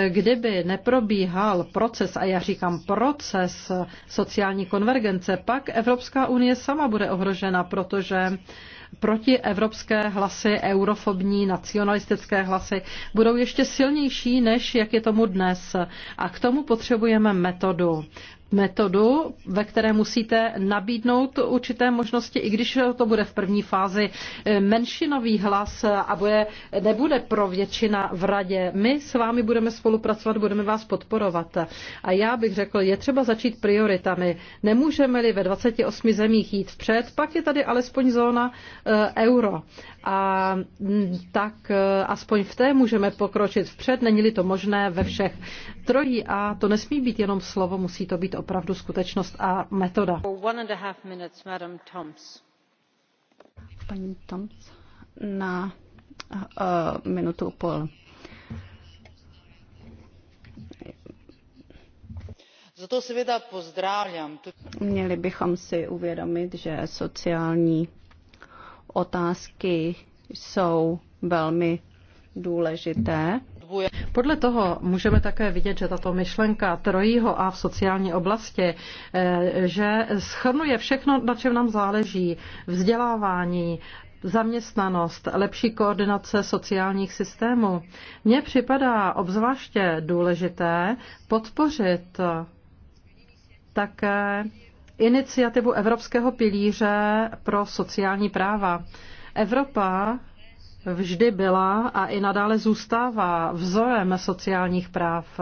kdyby neprobíhal proces, a já říkám proces sociální konvergence, pak Evropská unie sama bude ohrožena, protože protievropské hlasy, eurofobní, nacionalistické hlasy budou ještě silnější, než jak je tomu dnes. A k tomu potřebujeme metodu metodu, ve které musíte nabídnout určité možnosti, i když to bude v první fázi eh, menšinový hlas a bude, nebude pro většina v radě. My s vámi budeme spolupracovat, budeme vás podporovat. A já bych řekl, je třeba začít prioritami. Nemůžeme-li ve 28 zemích jít vpřed, pak je tady alespoň zóna E, euro. A tak e, aspoň v té můžeme pokročit vpřed, není-li to možné ve všech trojí. A to nesmí být jenom slovo, musí to být opravdu skutečnost a metoda. Paní Toms, na uh, minutu pol. Zato seveda pozdravljam. Měli bychom si uvědomit, že sociální otázky jsou velmi důležité. Podle toho můžeme také vidět, že tato myšlenka trojího A v sociální oblasti, eh, že schrnuje všechno, na čem nám záleží, vzdělávání, zaměstnanost, lepší koordinace sociálních systémů. Mně připadá obzvláště důležité podpořit také iniciativu Evropského pilíře pro sociální práva. Evropa vždy byla a i nadále zůstává vzorem sociálních práv.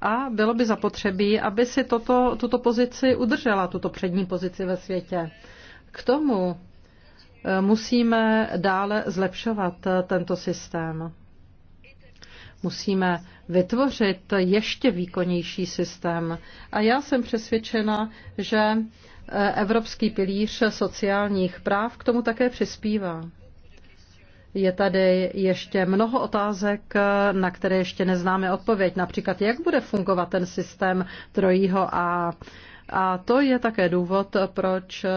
A bylo by zapotřebí, aby si toto, tuto pozici udržela, tuto přední pozici ve světě. K tomu eh, musíme dále zlepšovat eh, tento systém. Musíme vytvořit ještě výkonnější systém. A já jsem přesvědčena, že e, Evropský pilíř sociálních práv k tomu také přispívá. Je tady ještě mnoho otázek, e, na které ještě neznáme odpověď. Například, jak bude fungovat ten systém trojího A. A to je také důvod, proč e,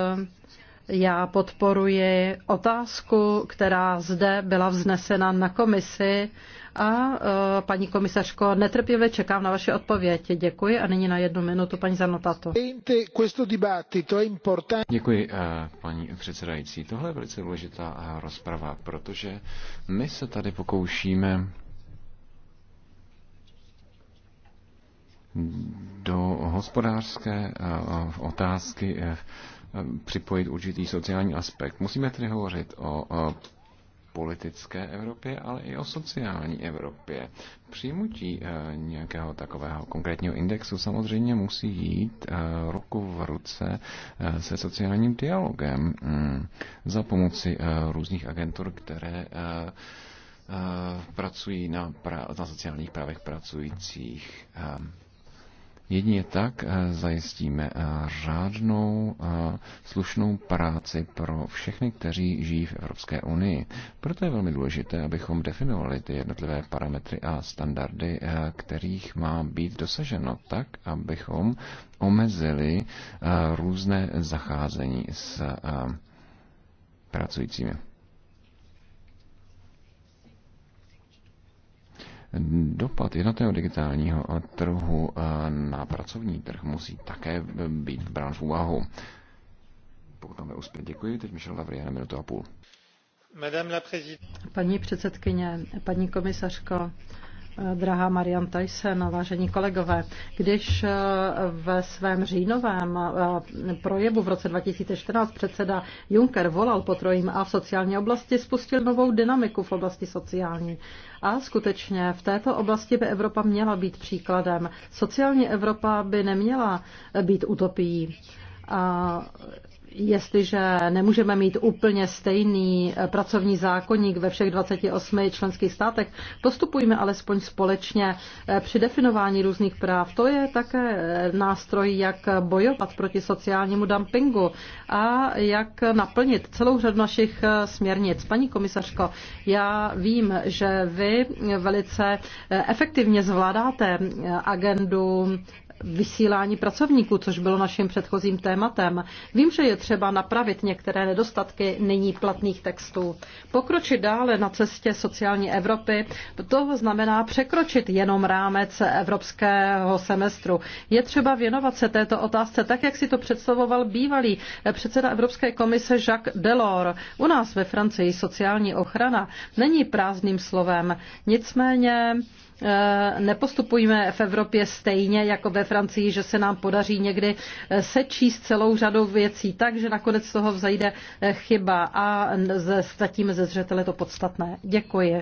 já podporuji otázku, která zde byla vznesena na komisi a e, paní komisařko, netrpělivě čekám na vaše odpověď. Děkuji a nyní na jednu minutu paní Zanotato. Děkuji, e, paní předsedající. Tohle je velice důležitá e, rozprava, protože my se tady pokoušíme do hospodářské otázky připojit určitý sociální aspekt. Musíme tedy hovořit o politické Evropě, ale i o sociální Evropě. Přijmutí eh, nějakého takového konkrétního indexu samozřejmě musí jít eh, ruku v ruce eh, se sociálním dialogem mm, za pomoci různých agentur, které pracují na, pra- na sociálních právech pracujících. Jedině tak eh, zajistíme eh, řádnou eh, slušnou práci pro všechny, kteří žijí v Evropské unii. Proto je velmi důležité, abychom definovali ty jednotlivé parametry a standardy, kterých má být dosaženo tak, abychom omezili různé zacházení s pracujícími. Dopad jednotného digitálního trhu na pracovní trh musí také být brán v úvahu. Pokud máme úspěch, děkuji. Teď Michel Lavrie na minutu a půl. Paní předsedkyně, paní komisařko, Eh, drahá Marian Tyson, vážení kolegové, když eh, ve svém říjnovém eh, projevu v roce 2014 předseda Juncker volal po trojím a v sociální oblasti, spustil novou dynamiku v oblasti sociální. A skutečně v této oblasti by Evropa měla být příkladem. Sociální Evropa by neměla být utopií. A jestliže nemůžeme mít úplně stejný eh, pracovní zákonník ve všech 28 členských státech, postupujme alespoň společně eh, při definování různých práv. To je také eh, nástroj, jak bojovat proti sociálnímu dumpingu a jak naplnit celou řadu našich směrnic. Paní komisařko, já vím, že vy velice efektivně zvládáte agendu vysílání pracovníků, což bylo naším předchozím tématem. Vím, že je třeba napravit některé nedostatky nyní platných textů. Pokročit dále na cestě sociální Evropy, to znamená překročit jenom rámec evropského semestru. Je třeba věnovat se této otázce tak, jak si to představoval bývalý předseda Evropské komise Jacques Delors. U nás ve Francii sociální ochrana není prázdným slovem. Nicméně Eh, nepostupujeme v Evropě stejně jako ve Francii, že se nám podaří někdy eh, sečíst celou řadu věcí tak, že nakonec z toho vzejde eh, chyba a ztratíme ze zřetele to podstatné. Děkuji.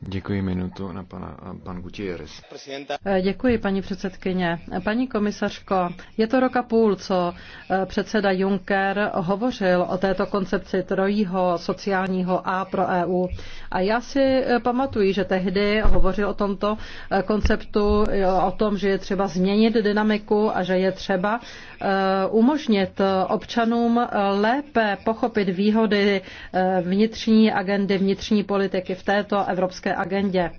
Děkuji minutu na pana, pan Gutierrez. Eh, děkuji, paní předsedkyně. Paní komisařko, je to roka půl, co eh, předseda Juncker hovořil o této koncepci trojího sociálního A pro EU. A já si eh, pamatuji, že tehdy hovořil o tomto konceptu, o tom, že je třeba změnit dynamiku a že je třeba Eh, umožnit občanům lépe pochopit výhody eh, vnitřní agendy, vnitřní politiky v této evropské agendě.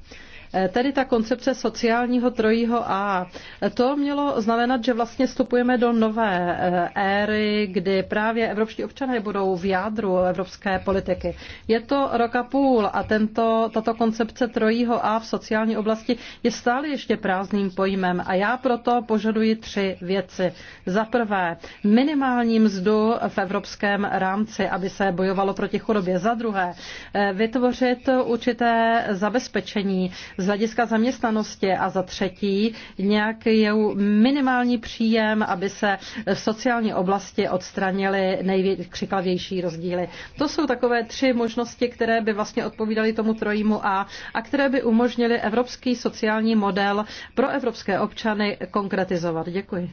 Eh, tedy ta koncepce sociálního trojího A. To mělo znamenat, že vlastně vstupujeme do nové eh, éry, kdy právě evropští občané budou v jádru evropské politiky. Je to rok a půl a tento, tato koncepce trojího A v sociální oblasti je stále ještě prázdným pojmem a já proto požaduji tři věci. Za prvé, minimální mzdu v evropském rámci, aby se bojovalo proti chudobě. Za druhé, eh, vytvořit určité zabezpečení z hlediska zaměstnanosti a za třetí nějaký minimální příjem, aby se v sociální oblasti odstranily nejkřiklavější rozdíly. To jsou takové tři možnosti, které by vlastně odpovídaly tomu trojímu A a které by umožnily evropský sociální model pro evropské občany konkretizovat. Děkuji.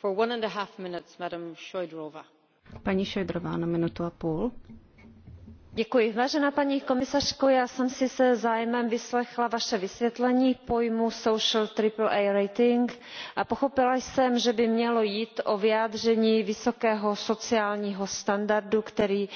For one and a half minutes, Madam Paní Šojdrová na minutu a půl vážená paní komisařko já jsem si se zájmem vyslechla vaše vysvětlení pojmu a pochopila jsem že by mělo jít o vyjádření vysokého sociálního standardu který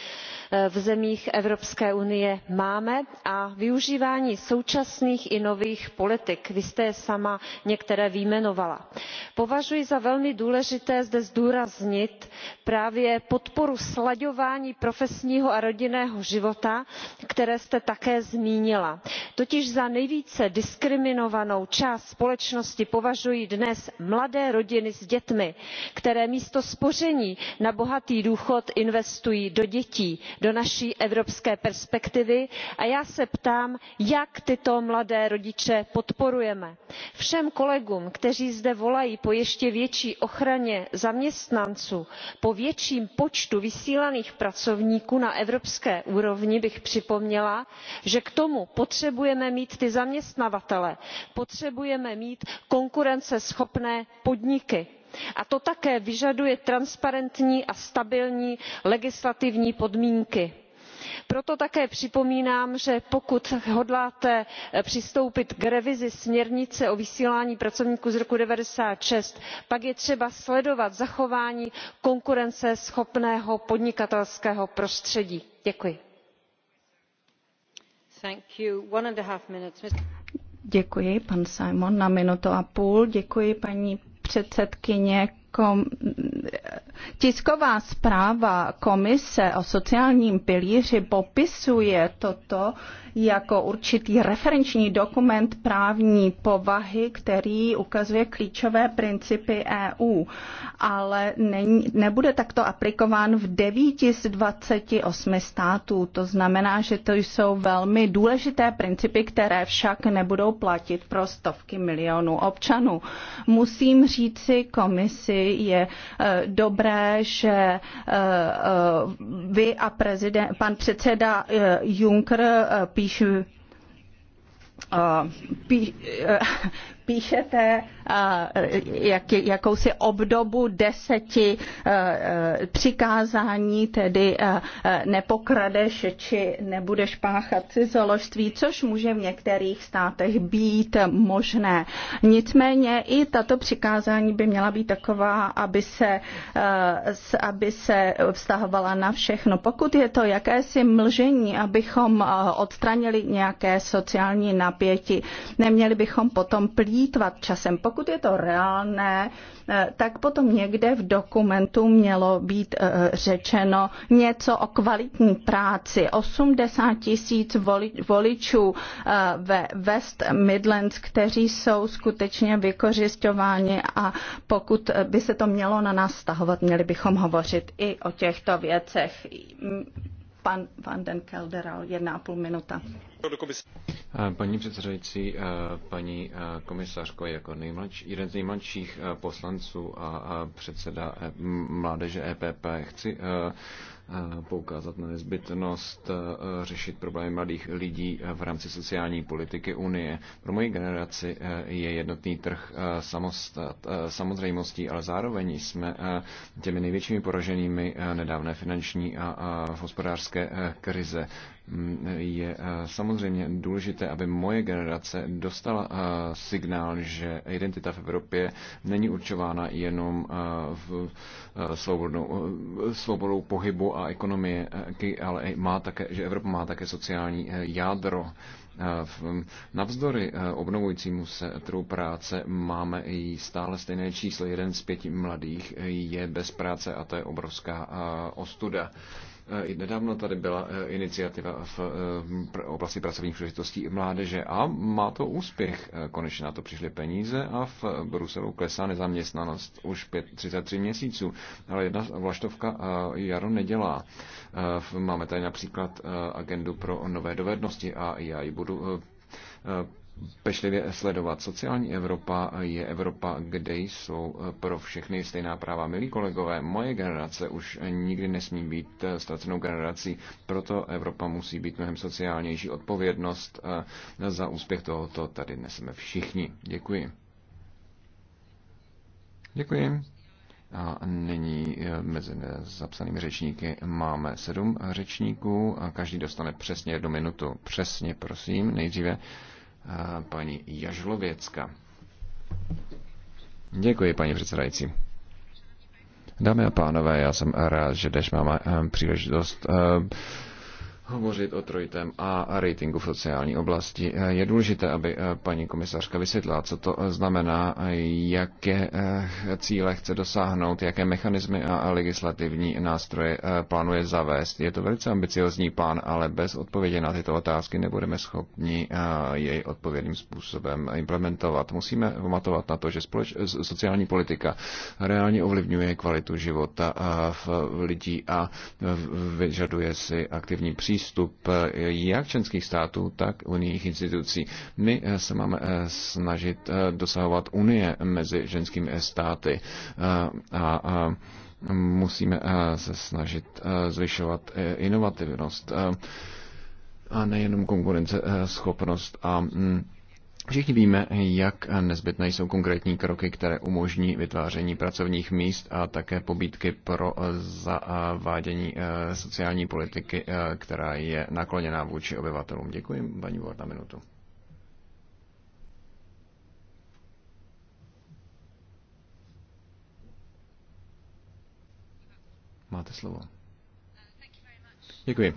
e, v zemích evropské unie máme a využívání současných i nových politik vy jste je sama některé vyjmenovala. považuji za velmi důležité zde zdůraznit právě podporu slaďování profesního a rodinného života života které jste také zmínila. totiž za nejvíce diskriminovanou část společnosti považují dnes mladé rodiny s dětmi které místo spoření na bohatý důchod investují do dětí do naší evropské perspektivy a já se ptám jak tyto mladé rodiče podporujeme? všem kolegům kteří zde volají po ještě větší ochraně zaměstnanců po větším počtu vysílaných pracovníků na evropské úrovni bych připomněla že k tomu potřebujeme mít ty zaměstnavatele potřebujeme mít konkurenceschopné podniky a to také vyžaduje transparentní a stabilní legislativní podmínky. proto také připomínám že pokud hodláte eh, přistoupit k revizi směrnice o vysílání pracovníků z roku one thousand nine hundred and ninety six pak je třeba sledovat zachování konkurenceschopného podnikatelského prostředí děkuji. Děkuji, na Děkuji, paní předsedkyně tisková zpráva komise o sociálním pilíři popisuje toto jako určitý referenční dokument právní povahy, který ukazuje klíčové principy EU, ale není, nebude takto aplikován v 9 z 28 států. To znamená, že to jsou velmi důležité principy, které však nebudou platit pro stovky milionů občanů. Musím říci komisi, je eh, dobré, že eh, eh, vy a prezident, pan předseda Juncker e, píš, eh, píš eh, píšete jak, jakousi obdobu deseti e, e, přikázání, tedy e, nepokradeš či nebudeš páchat cizoložství, což může v některých státech být možné. Nicméně i tato přikázání by měla být taková, aby se, aby se vztahovala na všechno. Pokud je to jakési mlžení, abychom odstranili nějaké sociální napěti, neměli bychom potom plít plítvat časem. Pokud je to reálné, eh, tak potom někde v dokumentu mělo být eh, řečeno něco o kvalitní práci. 80 tisíc voličů eh, ve West Midlands, kteří jsou skutečně vykořišťováni a pokud by se to mělo na nás stahovat, měli bychom hovořit i o těchto věcech. Pan Van den Kelderal, jedna a půl minuta. Eh, paní předsedající, eh, paní eh, komisařko, jako nejmladší, jeden z nejmladších poslanců a předseda mládeže EPP, chci poukázat na nezbytnost e, řešit problémy mladých lidí v rámci sociální politiky Unie. Pro moji generaci e, je jednotný trh e, samostat, samozřejmostí, ale zároveň jsme těmi největšími poraženými nedávné finanční a hospodářské krize je eh, samozřejmě důležité, aby moje generace dostala eh, signál, že identita v Evropě není určována jenom eh, v svobodnou, svobodou pohybu a ekonomie, ale má také, že Evropa má také sociální jádro. Navzdory obnovujícímu se trhu práce máme i stále stejné číslo. Jeden z pěti mladých je bez práce a to je obrovská ostuda. Eh, nedávno tady byla eh, iniciativa v eh, oblasti pracovních příležitostí mládeže a má to úspěch. Konečně na to přišly peníze a v Bruselu klesá nezaměstnanost už 5, 33 měsíců. Ale jedna vlaštovka jaro nedělá. Máme tady například agendu pro nové dovednosti a já ji budu pešlivě sledovat. Sociální Evropa je Evropa, kde jsou eh, pro všechny stejná práva. Milí kolegové, moje generace už nikdy nesmí být eh, ztracenou generací, proto Evropa musí být mnohem sociálnější. Odpovědnost eh, za úspěch tohoto tady neseme všichni. Děkuji. Děkuji. A nyní mezi zapsanými řečníky máme sedm řečníků a každý dostane přesně jednu minutu. Přesně, prosím, nejdříve paní Jažlověcka. Děkuji, paní předsedající. Dámy a pánové, já jsem rád, že dnes máme eh, příležitost eh, hovořit o trojitém a ratingu v sociální oblasti. Je důležité, aby eh, paní komisařka vysvětlila, co to eh, znamená, jaké eh, cíle chce dosáhnout, jaké mechanismy a legislativní nástroje plánuje zavést. Je to velice ambiciozní plán, ale bez odpovědi na tyto otázky nebudeme schopni jej odpovědným způsobem implementovat. Musíme pamatovat na to, že společ... sociální politika reálně ovlivňuje kvalitu života v lidí a vyžaduje si aktivní příležitost přístup eh, jak členských států, tak unijních institucí. My eh, se máme eh, snažit dosahovat unie mezi ženskými státy a musíme se snažit zvyšovat inovativnost a nejenom konkurenceschopnost a mm, Všichni víme, jak nezbytné jsou konkrétní kroky, které umožní vytváření pracovních míst a také pobídky pro zavádění eh, sociální politiky, eh, která je nakloněná vůči obyvatelům. Děkuji, paní Vort, na minutu. Máte slovo. Děkuji.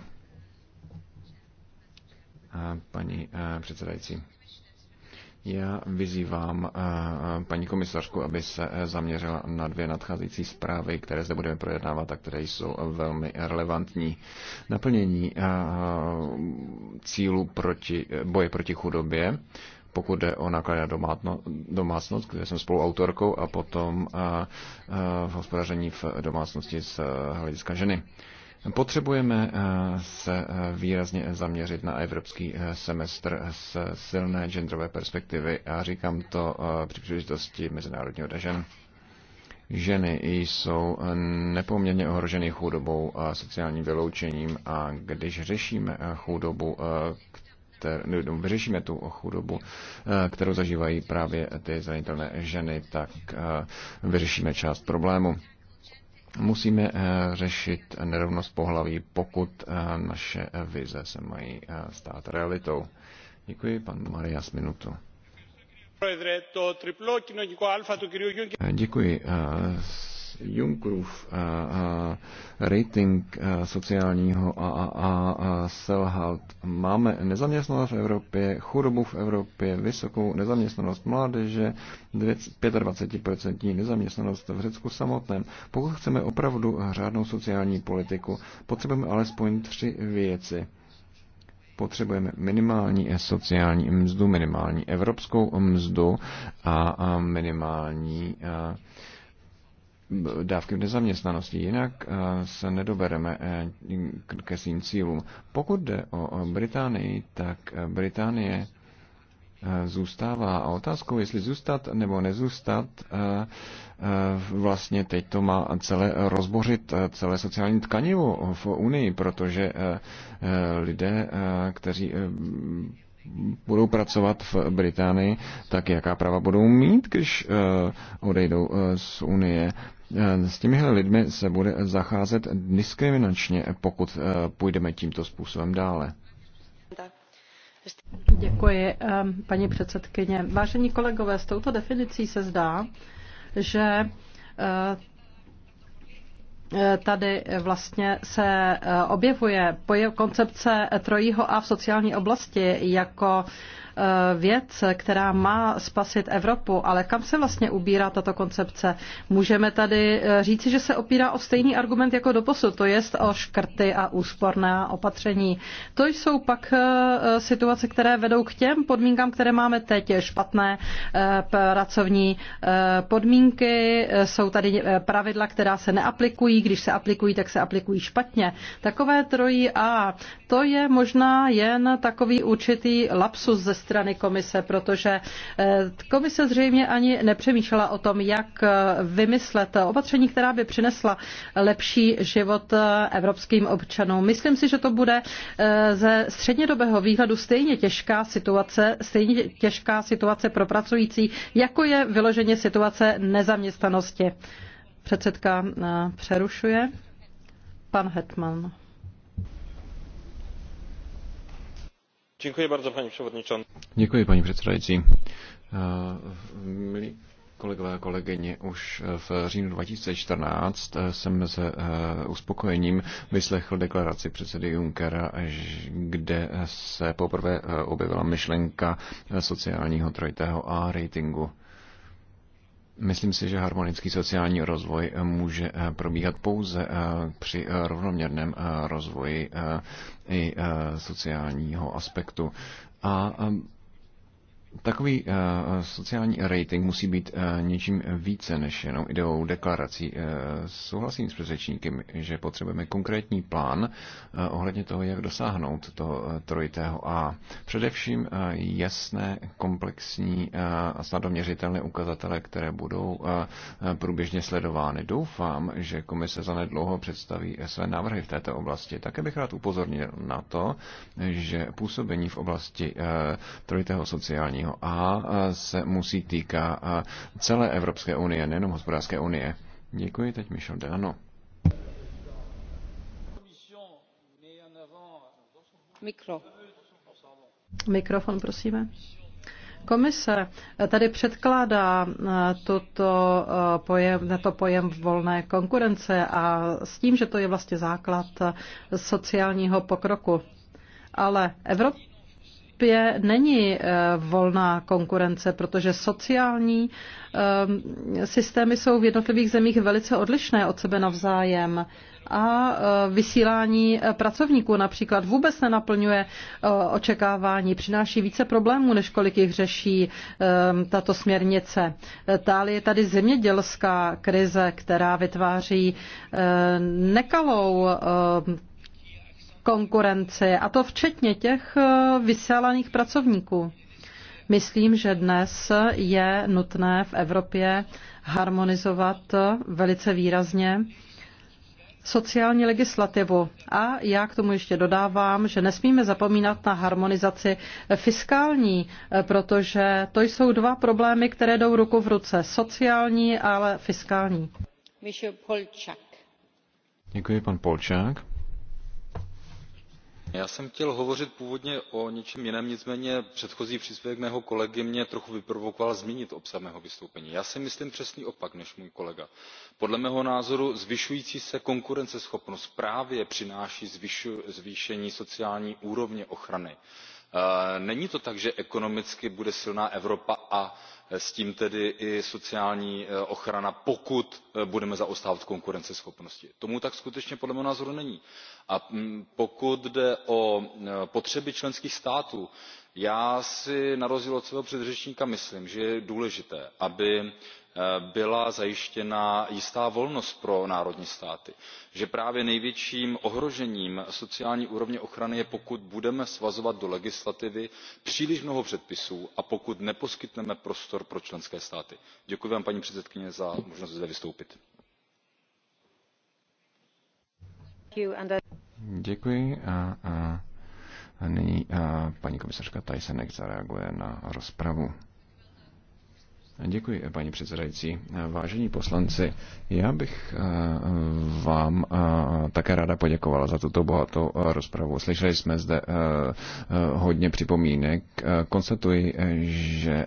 A paní eh, předsedající. Já vyzývám eh, paní komisařku, aby se eh, zaměřila na dvě nadcházející zprávy, které zde budeme projednávat a které jsou velmi relevantní. Naplnění eh, cílu proti, boje proti chudobě, pokud jde o náklady na domácnost, kde jsem spoluautorkou, a potom v hospodaření v domácnosti z hlediska ženy. Potřebujeme eh, se eh, výrazně zaměřit na evropský eh, semestr z silné genderové perspektivy a říkám to při příležitosti Mezinárodního dažen. Ženy jsou nepoměrně ohroženy chudobou a sociálním vyloučením a když řešíme chudobu, no, no, vyřešíme tu chudobu, kterou zažívají právě ty zranitelné ženy, tak vyřešíme část problému. Musíme eh, řešit nerovnost pohlaví, pokud eh, naše eh, vize se mají stát realitou. Děkuji, pan Marias Minutu. Děkuji a, rating sociálního a selhal. Máme nezaměstnanost v Evropě, chudobu v Evropě, vysokou nezaměstnanost mládeže, 25% nezaměstnanost v Řecku samotném. Pokud chceme opravdu řádnou sociální politiku, potřebujeme alespoň tři věci potřebujeme minimální sociální mzdu, minimální evropskou mzdu a minimální dávky v nezaměstnanosti, jinak eh, se nedobereme eh, ke svým cílům. Pokud jde o Británii, tak eh, Británie zůstává. A otázkou, jestli zůstat nebo nezůstat, vlastně teď to má celé rozbořit celé sociální tkanivo v Unii, protože lidé, kteří budou pracovat v Británii, tak jaká práva budou mít, když eh, odejdou eh, z Unie. Eh, s těmihle lidmi se bude zacházet diskriminačně, pokud půjdeme tímto způsobem dále. Děkuji, ehm, paní předsedkyně. Vážení kolegové, s touto definicí se zdá, že Eh, tady vlastně se eh, objevuje koncepce trojího A v sociální oblasti jako Eh, věc, která má spasit Evropu, ale kam se vlastně ubírá tato koncepce? Můžeme tady eh, říci, že se opírá o stejný argument jako doposud, to jest o škrty a úsporná opatření. To jsou pak eh, situace, které vedou k těm podmínkám, které máme teď. Špatné pracovní podmínky, jsou tady pravidla, která se neaplikují, když se aplikují, tak se aplikují špatně. Takové trojí A, to je možná jen takový určitý lapsus ze strany komise, protože eh, komise zřejmě ani nepřemýšlela o tom, jak eh, vymyslet opatření, která by přinesla lepší život eh, evropským občanům. Myslím si, že to bude ze střednědobého výhledu stejně těžká situace, stejně těžká situace pro pracující, jako je vyloženě situace nezaměstnanosti. Předsedka přerušuje. Pan Hetman. Děkuji bardzo, paní předsedající. E, milí kolegové a kolegyně, už v říjnu 2014 e, jsem se e, uspokojením vyslechl deklaraci předsedy Junckera, kde se poprvé objevila myšlenka sociálního trojitého A ratingu. Myslím si, že harmonický sociální rozvoj eh, může eh, probíhat pouze eh, při rovnoměrném rozvoji i sociálního aspektu. A Takový uh, sociální rating musí být uh, něčím více než jenom ideovou deklarací. Uh, souhlasím s předřečníkem, že potřebujeme konkrétní plán uh, ohledně toho, jak dosáhnout toho uh, trojitého A. Především uh, jasné, komplexní uh, a snadno měřitelné ukazatele, které budou uh, průběžně sledovány. Doufám, že komise zanedlouho představí své návrhy v této oblasti. Také bych rád upozornil na to, že působení v oblasti uh, trojitého sociální globálního A se musí týká celé Evropské unie, nejenom hospodářské unie. Děkuji, teď Michel Dano. Mikro. Mikrofon, prosíme. Komise tady předkládá tuto pojem, tento pojem volné konkurence a s tím, že to je vlastně základ sociálního pokroku. Ale Evropa Evropě není eh, volná konkurence, protože sociální eh, systémy jsou v jednotlivých zemích velice odlišné od sebe navzájem a eh, vysílání pracovníků například vůbec nenaplňuje očekávání, přináší více problémů, než kolik jich řeší tato směrnice. Dále je tady zemědělská krize, která vytváří nekalou konkurenci, a to včetně těch eh, vysílaných pracovníků. Myslím, že dnes je nutné v Evropě harmonizovat eh, velice výrazně sociální legislativu. A já k tomu ještě dodávám, že nesmíme zapomínat na harmonizaci fiskální, eh, protože to jsou dva problémy, které jdou ruku v ruce. Sociální, ale fiskální. Děkuji, pan Polčák já jsem chtěl hovořit původně o něčem jiném nicméně předchozí příspěvek mého kolegy mě trochu vyprovokoval změnit obsah mého vystoupení. já si myslím přesný opak než můj kolega. podle mého názoru zvyšující se konkurenceschopnost právě přináší zvýšení sociální úrovně ochrany. Eh, není to tak že ekonomicky bude silná evropa a s tím tedy i sociální eh, ochrana pokud eh, budeme zaostávat v konkurenceschopnosti. tomu tak skutečně podle mého názoru není a mm, pokud jde o e, potřeby členských států já si na rozdíl od svého předřečníka myslím že je důležité aby e, byla zajištěna jistá volnost pro národní státy že právě největším ohrožením sociální úrovně ochrany je pokud budeme svazovat do legislativy příliš mnoho předpisů a pokud neposkytneme prostor pro členské státy. děkuji vám paní předsedkyně za možnost zde vystoupit. Děkuji a, a, a nyní a, paní komisařka Tysenek zareaguje na rozpravu. Děkuji, paní předsedající. Vážení poslanci, já bych vám také ráda poděkovala za tuto bohatou rozpravu. Slyšeli jsme zde hodně připomínek. Konstatuji, že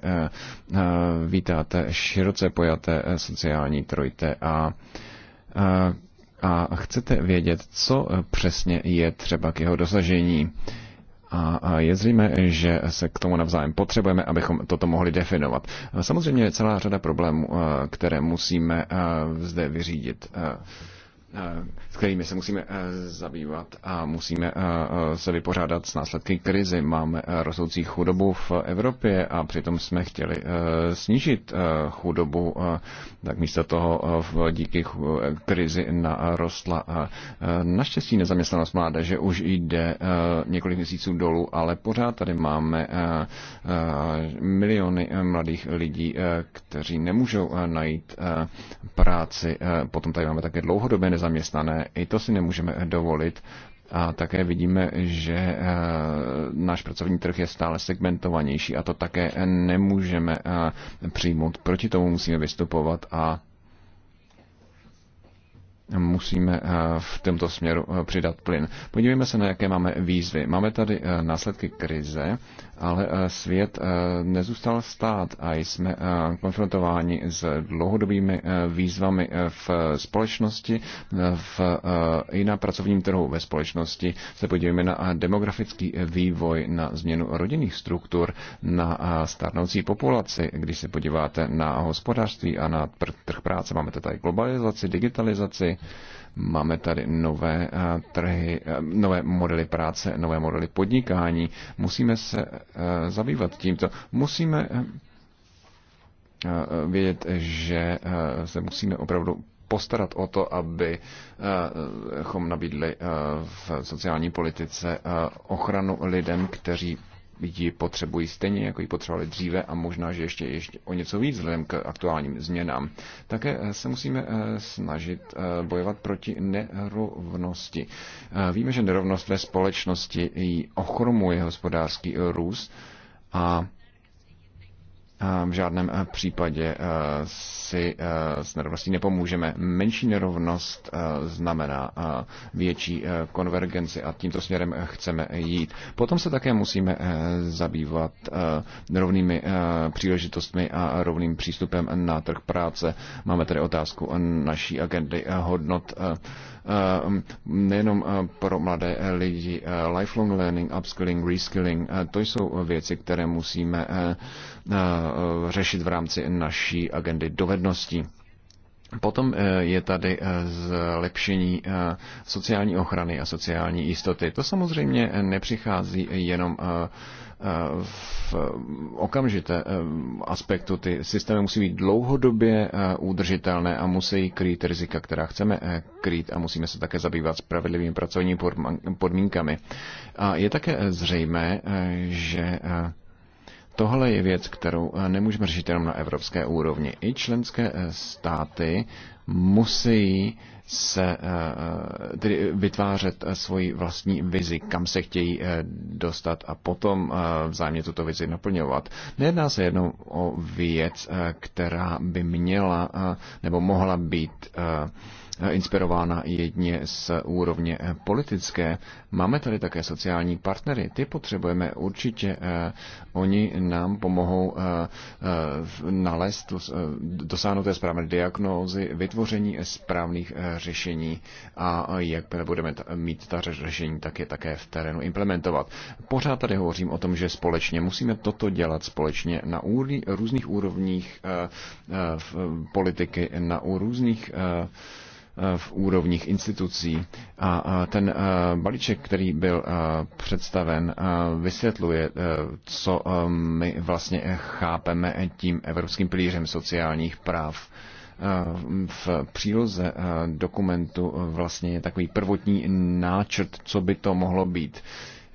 vítáte široce pojaté sociální trojte a a chcete vědět, co e, přesně je třeba k jeho dosažení. A je zřejmé, že se k tomu navzájem potřebujeme, abychom toto mohli definovat. E, samozřejmě je celá řada problémů, e, které musíme zde vyřídit s kterými se musíme eh, zabývat a musíme eh, eh, se vypořádat s následky krizi. Máme rostoucí chudobu v Evropě a přitom jsme chtěli snížit chudobu, tak místo toho díky krizi narostla. Naštěstí nezaměstnanost mládeže už jde několik měsíců dolů, ale pořád tady máme miliony mladých lidí, kteří nemůžou najít práci. Potom tady máme také dlouhodobé nezaměstnanost zaměstnané. I to si nemůžeme dovolit. A také vidíme, že eh, náš pracovní trh je stále segmentovanější a to také nemůžeme eh, přijmout. Proti tomu musíme vystupovat a musíme eh, v tomto směru přidat plyn. Podívejme se, na jaké máme výzvy. Máme tady následky krize, ale eh, svět eh, nezůstal stát a jsme eh, konfrontováni s dlouhodobými výzvami v společnosti v, i na pracovním trhu ve společnosti. Se podívejme na demografický vývoj, na změnu rodinných struktur, na starnoucí populaci. Když se podíváte na hospodářství a na trh práce, máme to tady globalizaci, digitalizaci, Máme tady nové eh, trhy, eh, nové modely práce, nové modely podnikání. Musíme se eh, zabývat tímto. Musíme vědět, že se musíme opravdu postarat o to, abychom nabídli v sociální politice ochranu lidem, kteří ji potřebují stejně, jako ji potřebovali dříve a možná, že ještě, ještě o něco víc vzhledem k aktuálním změnám. Také eh, se musíme eh, snažit eh, bojovat proti nerovnosti. Víme, že nerovnost ve společnosti ochromuje hospodářský růst a v žádném eh, případě eh, si eh, s nerovností nepomůžeme. Menší nerovnost znamená větší konvergenci a tímto směrem chceme jít. Potom se také musíme zabývat rovnými příležitostmi a rovným přístupem na trh práce. Máme tady otázku naší agendy hodnot nejenom pro mladé lidi. Lifelong learning, upskilling, reskilling, to jsou věci, které musíme Eh, řešit v rámci naší agendy dovedností. Potom eh, je tady eh, zlepšení sociální ochrany a sociální jistoty. To samozřejmě nepřichází jenom v okamžité aspektu. Ty systémy musí být dlouhodobě udržitelné a musí krýt rizika, která chceme krýt a musíme se také zabývat spravedlivými pracovními podmínkami. A je také zřejmé, že Tohle je věc, kterou eh, nemůžeme řešit jenom na evropské úrovni. I členské eh, státy musí se eh, tedy vytvářet svoji vlastní vizi, kam se chtějí dostat a potom vzájemně tuto vizi naplňovat. Nejedná se jednou o věc, která by měla nebo mohla být inspirována jedně z úrovně politické. Máme tady také sociální partnery, ty potřebujeme určitě. Eh, oni nám pomohou eh, eh, nalézt, dosáhnout té správné diagnózy, vytvoření správných řešení a jak budeme mít ta řešení, tak je také v terénu implementovat. Pořád tady hovořím o tom, že společně musíme toto dělat společně na úrovni, různých úrovních politiky, na různých Eh, v úrovních institucí. A ten eh, balíček, který byl eh, představen, vysvětluje, co my vlastně chápeme tím evropským pilířem sociálních práv v příloze dokumentu vlastně je takový prvotní náčrt, co by to mohlo být.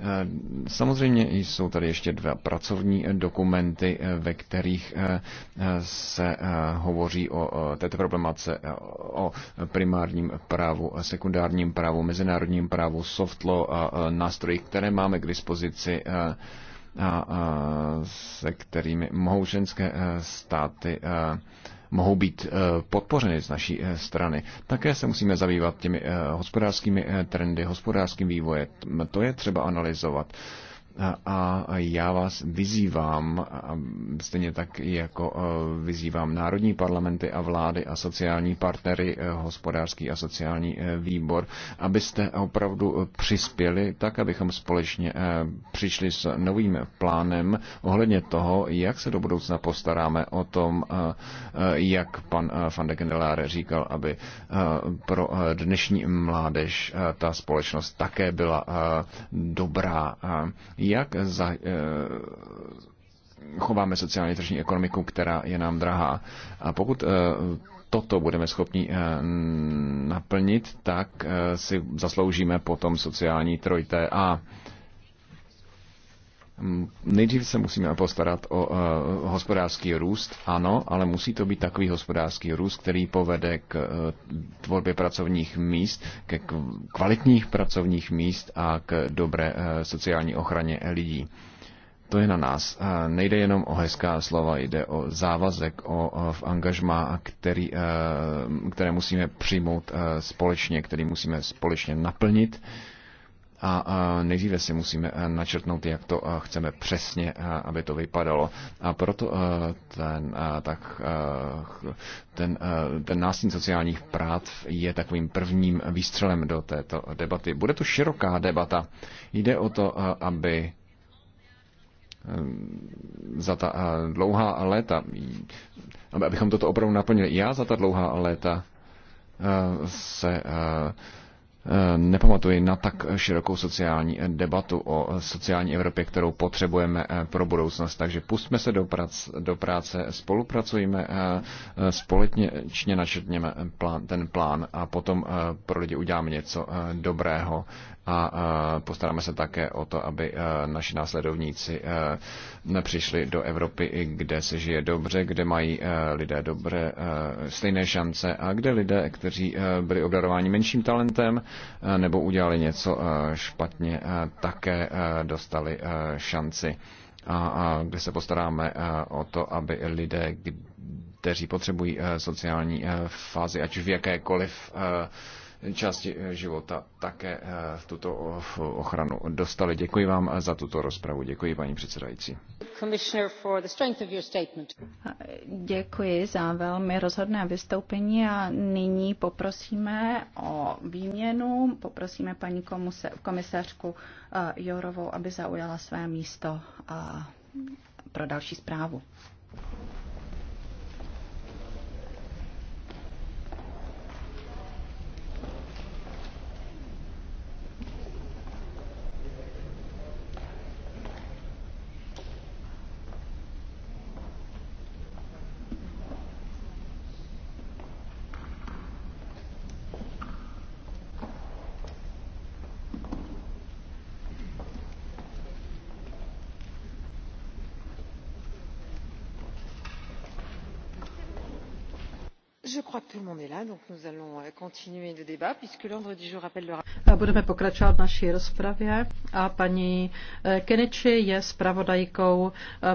Eh, samozřejmě jsou tady ještě dva pracovní eh, dokumenty, eh, ve kterých se hovoří o této problematice, o primárním právu, sekundárním právu, mezinárodním právu, soft law a nástroji, které máme k dispozici a, se kterými mohou ženské státy a, mohou být eh, podpořeny z naší eh, strany. Také se musíme zabývat těmi eh, hospodářskými trendy, hospodářským vývojem. To je třeba analyzovat a já vás vyzývám, stejně tak jako e, vyzývám národní parlamenty a vlády a sociální partnery, e, hospodářský a sociální e, výbor, abyste opravdu přispěli tak, abychom společně přišli s novým plánem ohledně toho, jak se do budoucna postaráme o tom, jak pan van de Kendeláre říkal, aby pro dnešní mládež ta společnost také byla dobrá jak za, eh, chováme sociálně tržní ekonomiku, která je nám drahá. A pokud eh, toto budeme schopni eh, naplnit, tak si zasloužíme potom sociální trojité A. Mm, nejdřív se musíme postarat o uh, hospodářský růst, ano, ale musí to být takový hospodářský růst, který povede k uh, tvorbě pracovních míst, ke kvalitních pracovních míst a k dobré uh, sociální ochraně lidí. To je na nás. Uh, nejde jenom o hezká slova, jde o závazek, o uh, angažmá, který, uh, které musíme přijmout uh, společně, který musíme společně naplnit. Uh, a nejdříve si musíme eh, načrtnout, jak to eh, chceme přesně, eh, aby to vypadalo. A proto ten, tak, ten, ten nástin sociálních práv je takovým prvním výstřelem do této debaty. Bude to široká debata. Jde o to, aby za ta dlouhá léta, abychom toto opravdu naplnili. Já za ta dlouhá léta se uh, Eh, nepamatuji na tak širokou sociální eh, debatu o eh, sociální Evropě, kterou potřebujeme pro budoucnost. Takže pustme se do, prac, do práce, spolupracujeme, společně načetněme plán, ten plán a potom pro lidi uděláme něco dobrého a postaráme se také o to, aby naši následovníci nepřišli do Evropy, kde se žije dobře, kde mají lidé dobré stejné šance a kde lidé, kteří byli obdarováni menším talentem nebo udělali něco špatně, také dostali šanci a, kde se postaráme o to, aby lidé, kteří potřebují sociální fázi, ať už v jakékoliv části eh, života také eh, tuto eh, ochranu dostali. Děkuji vám za tuto rozpravu. Děkuji, paní předsedající. Děkuji za velmi rozhodné vystoupení a nyní poprosíme o výměnu. Poprosíme paní komuse, komisařku Jorovou, aby zaujala své místo pro další zprávu. Budeme pokračovat v naší rozpravě a paní eh, Kenichi je zpravodajkou eh,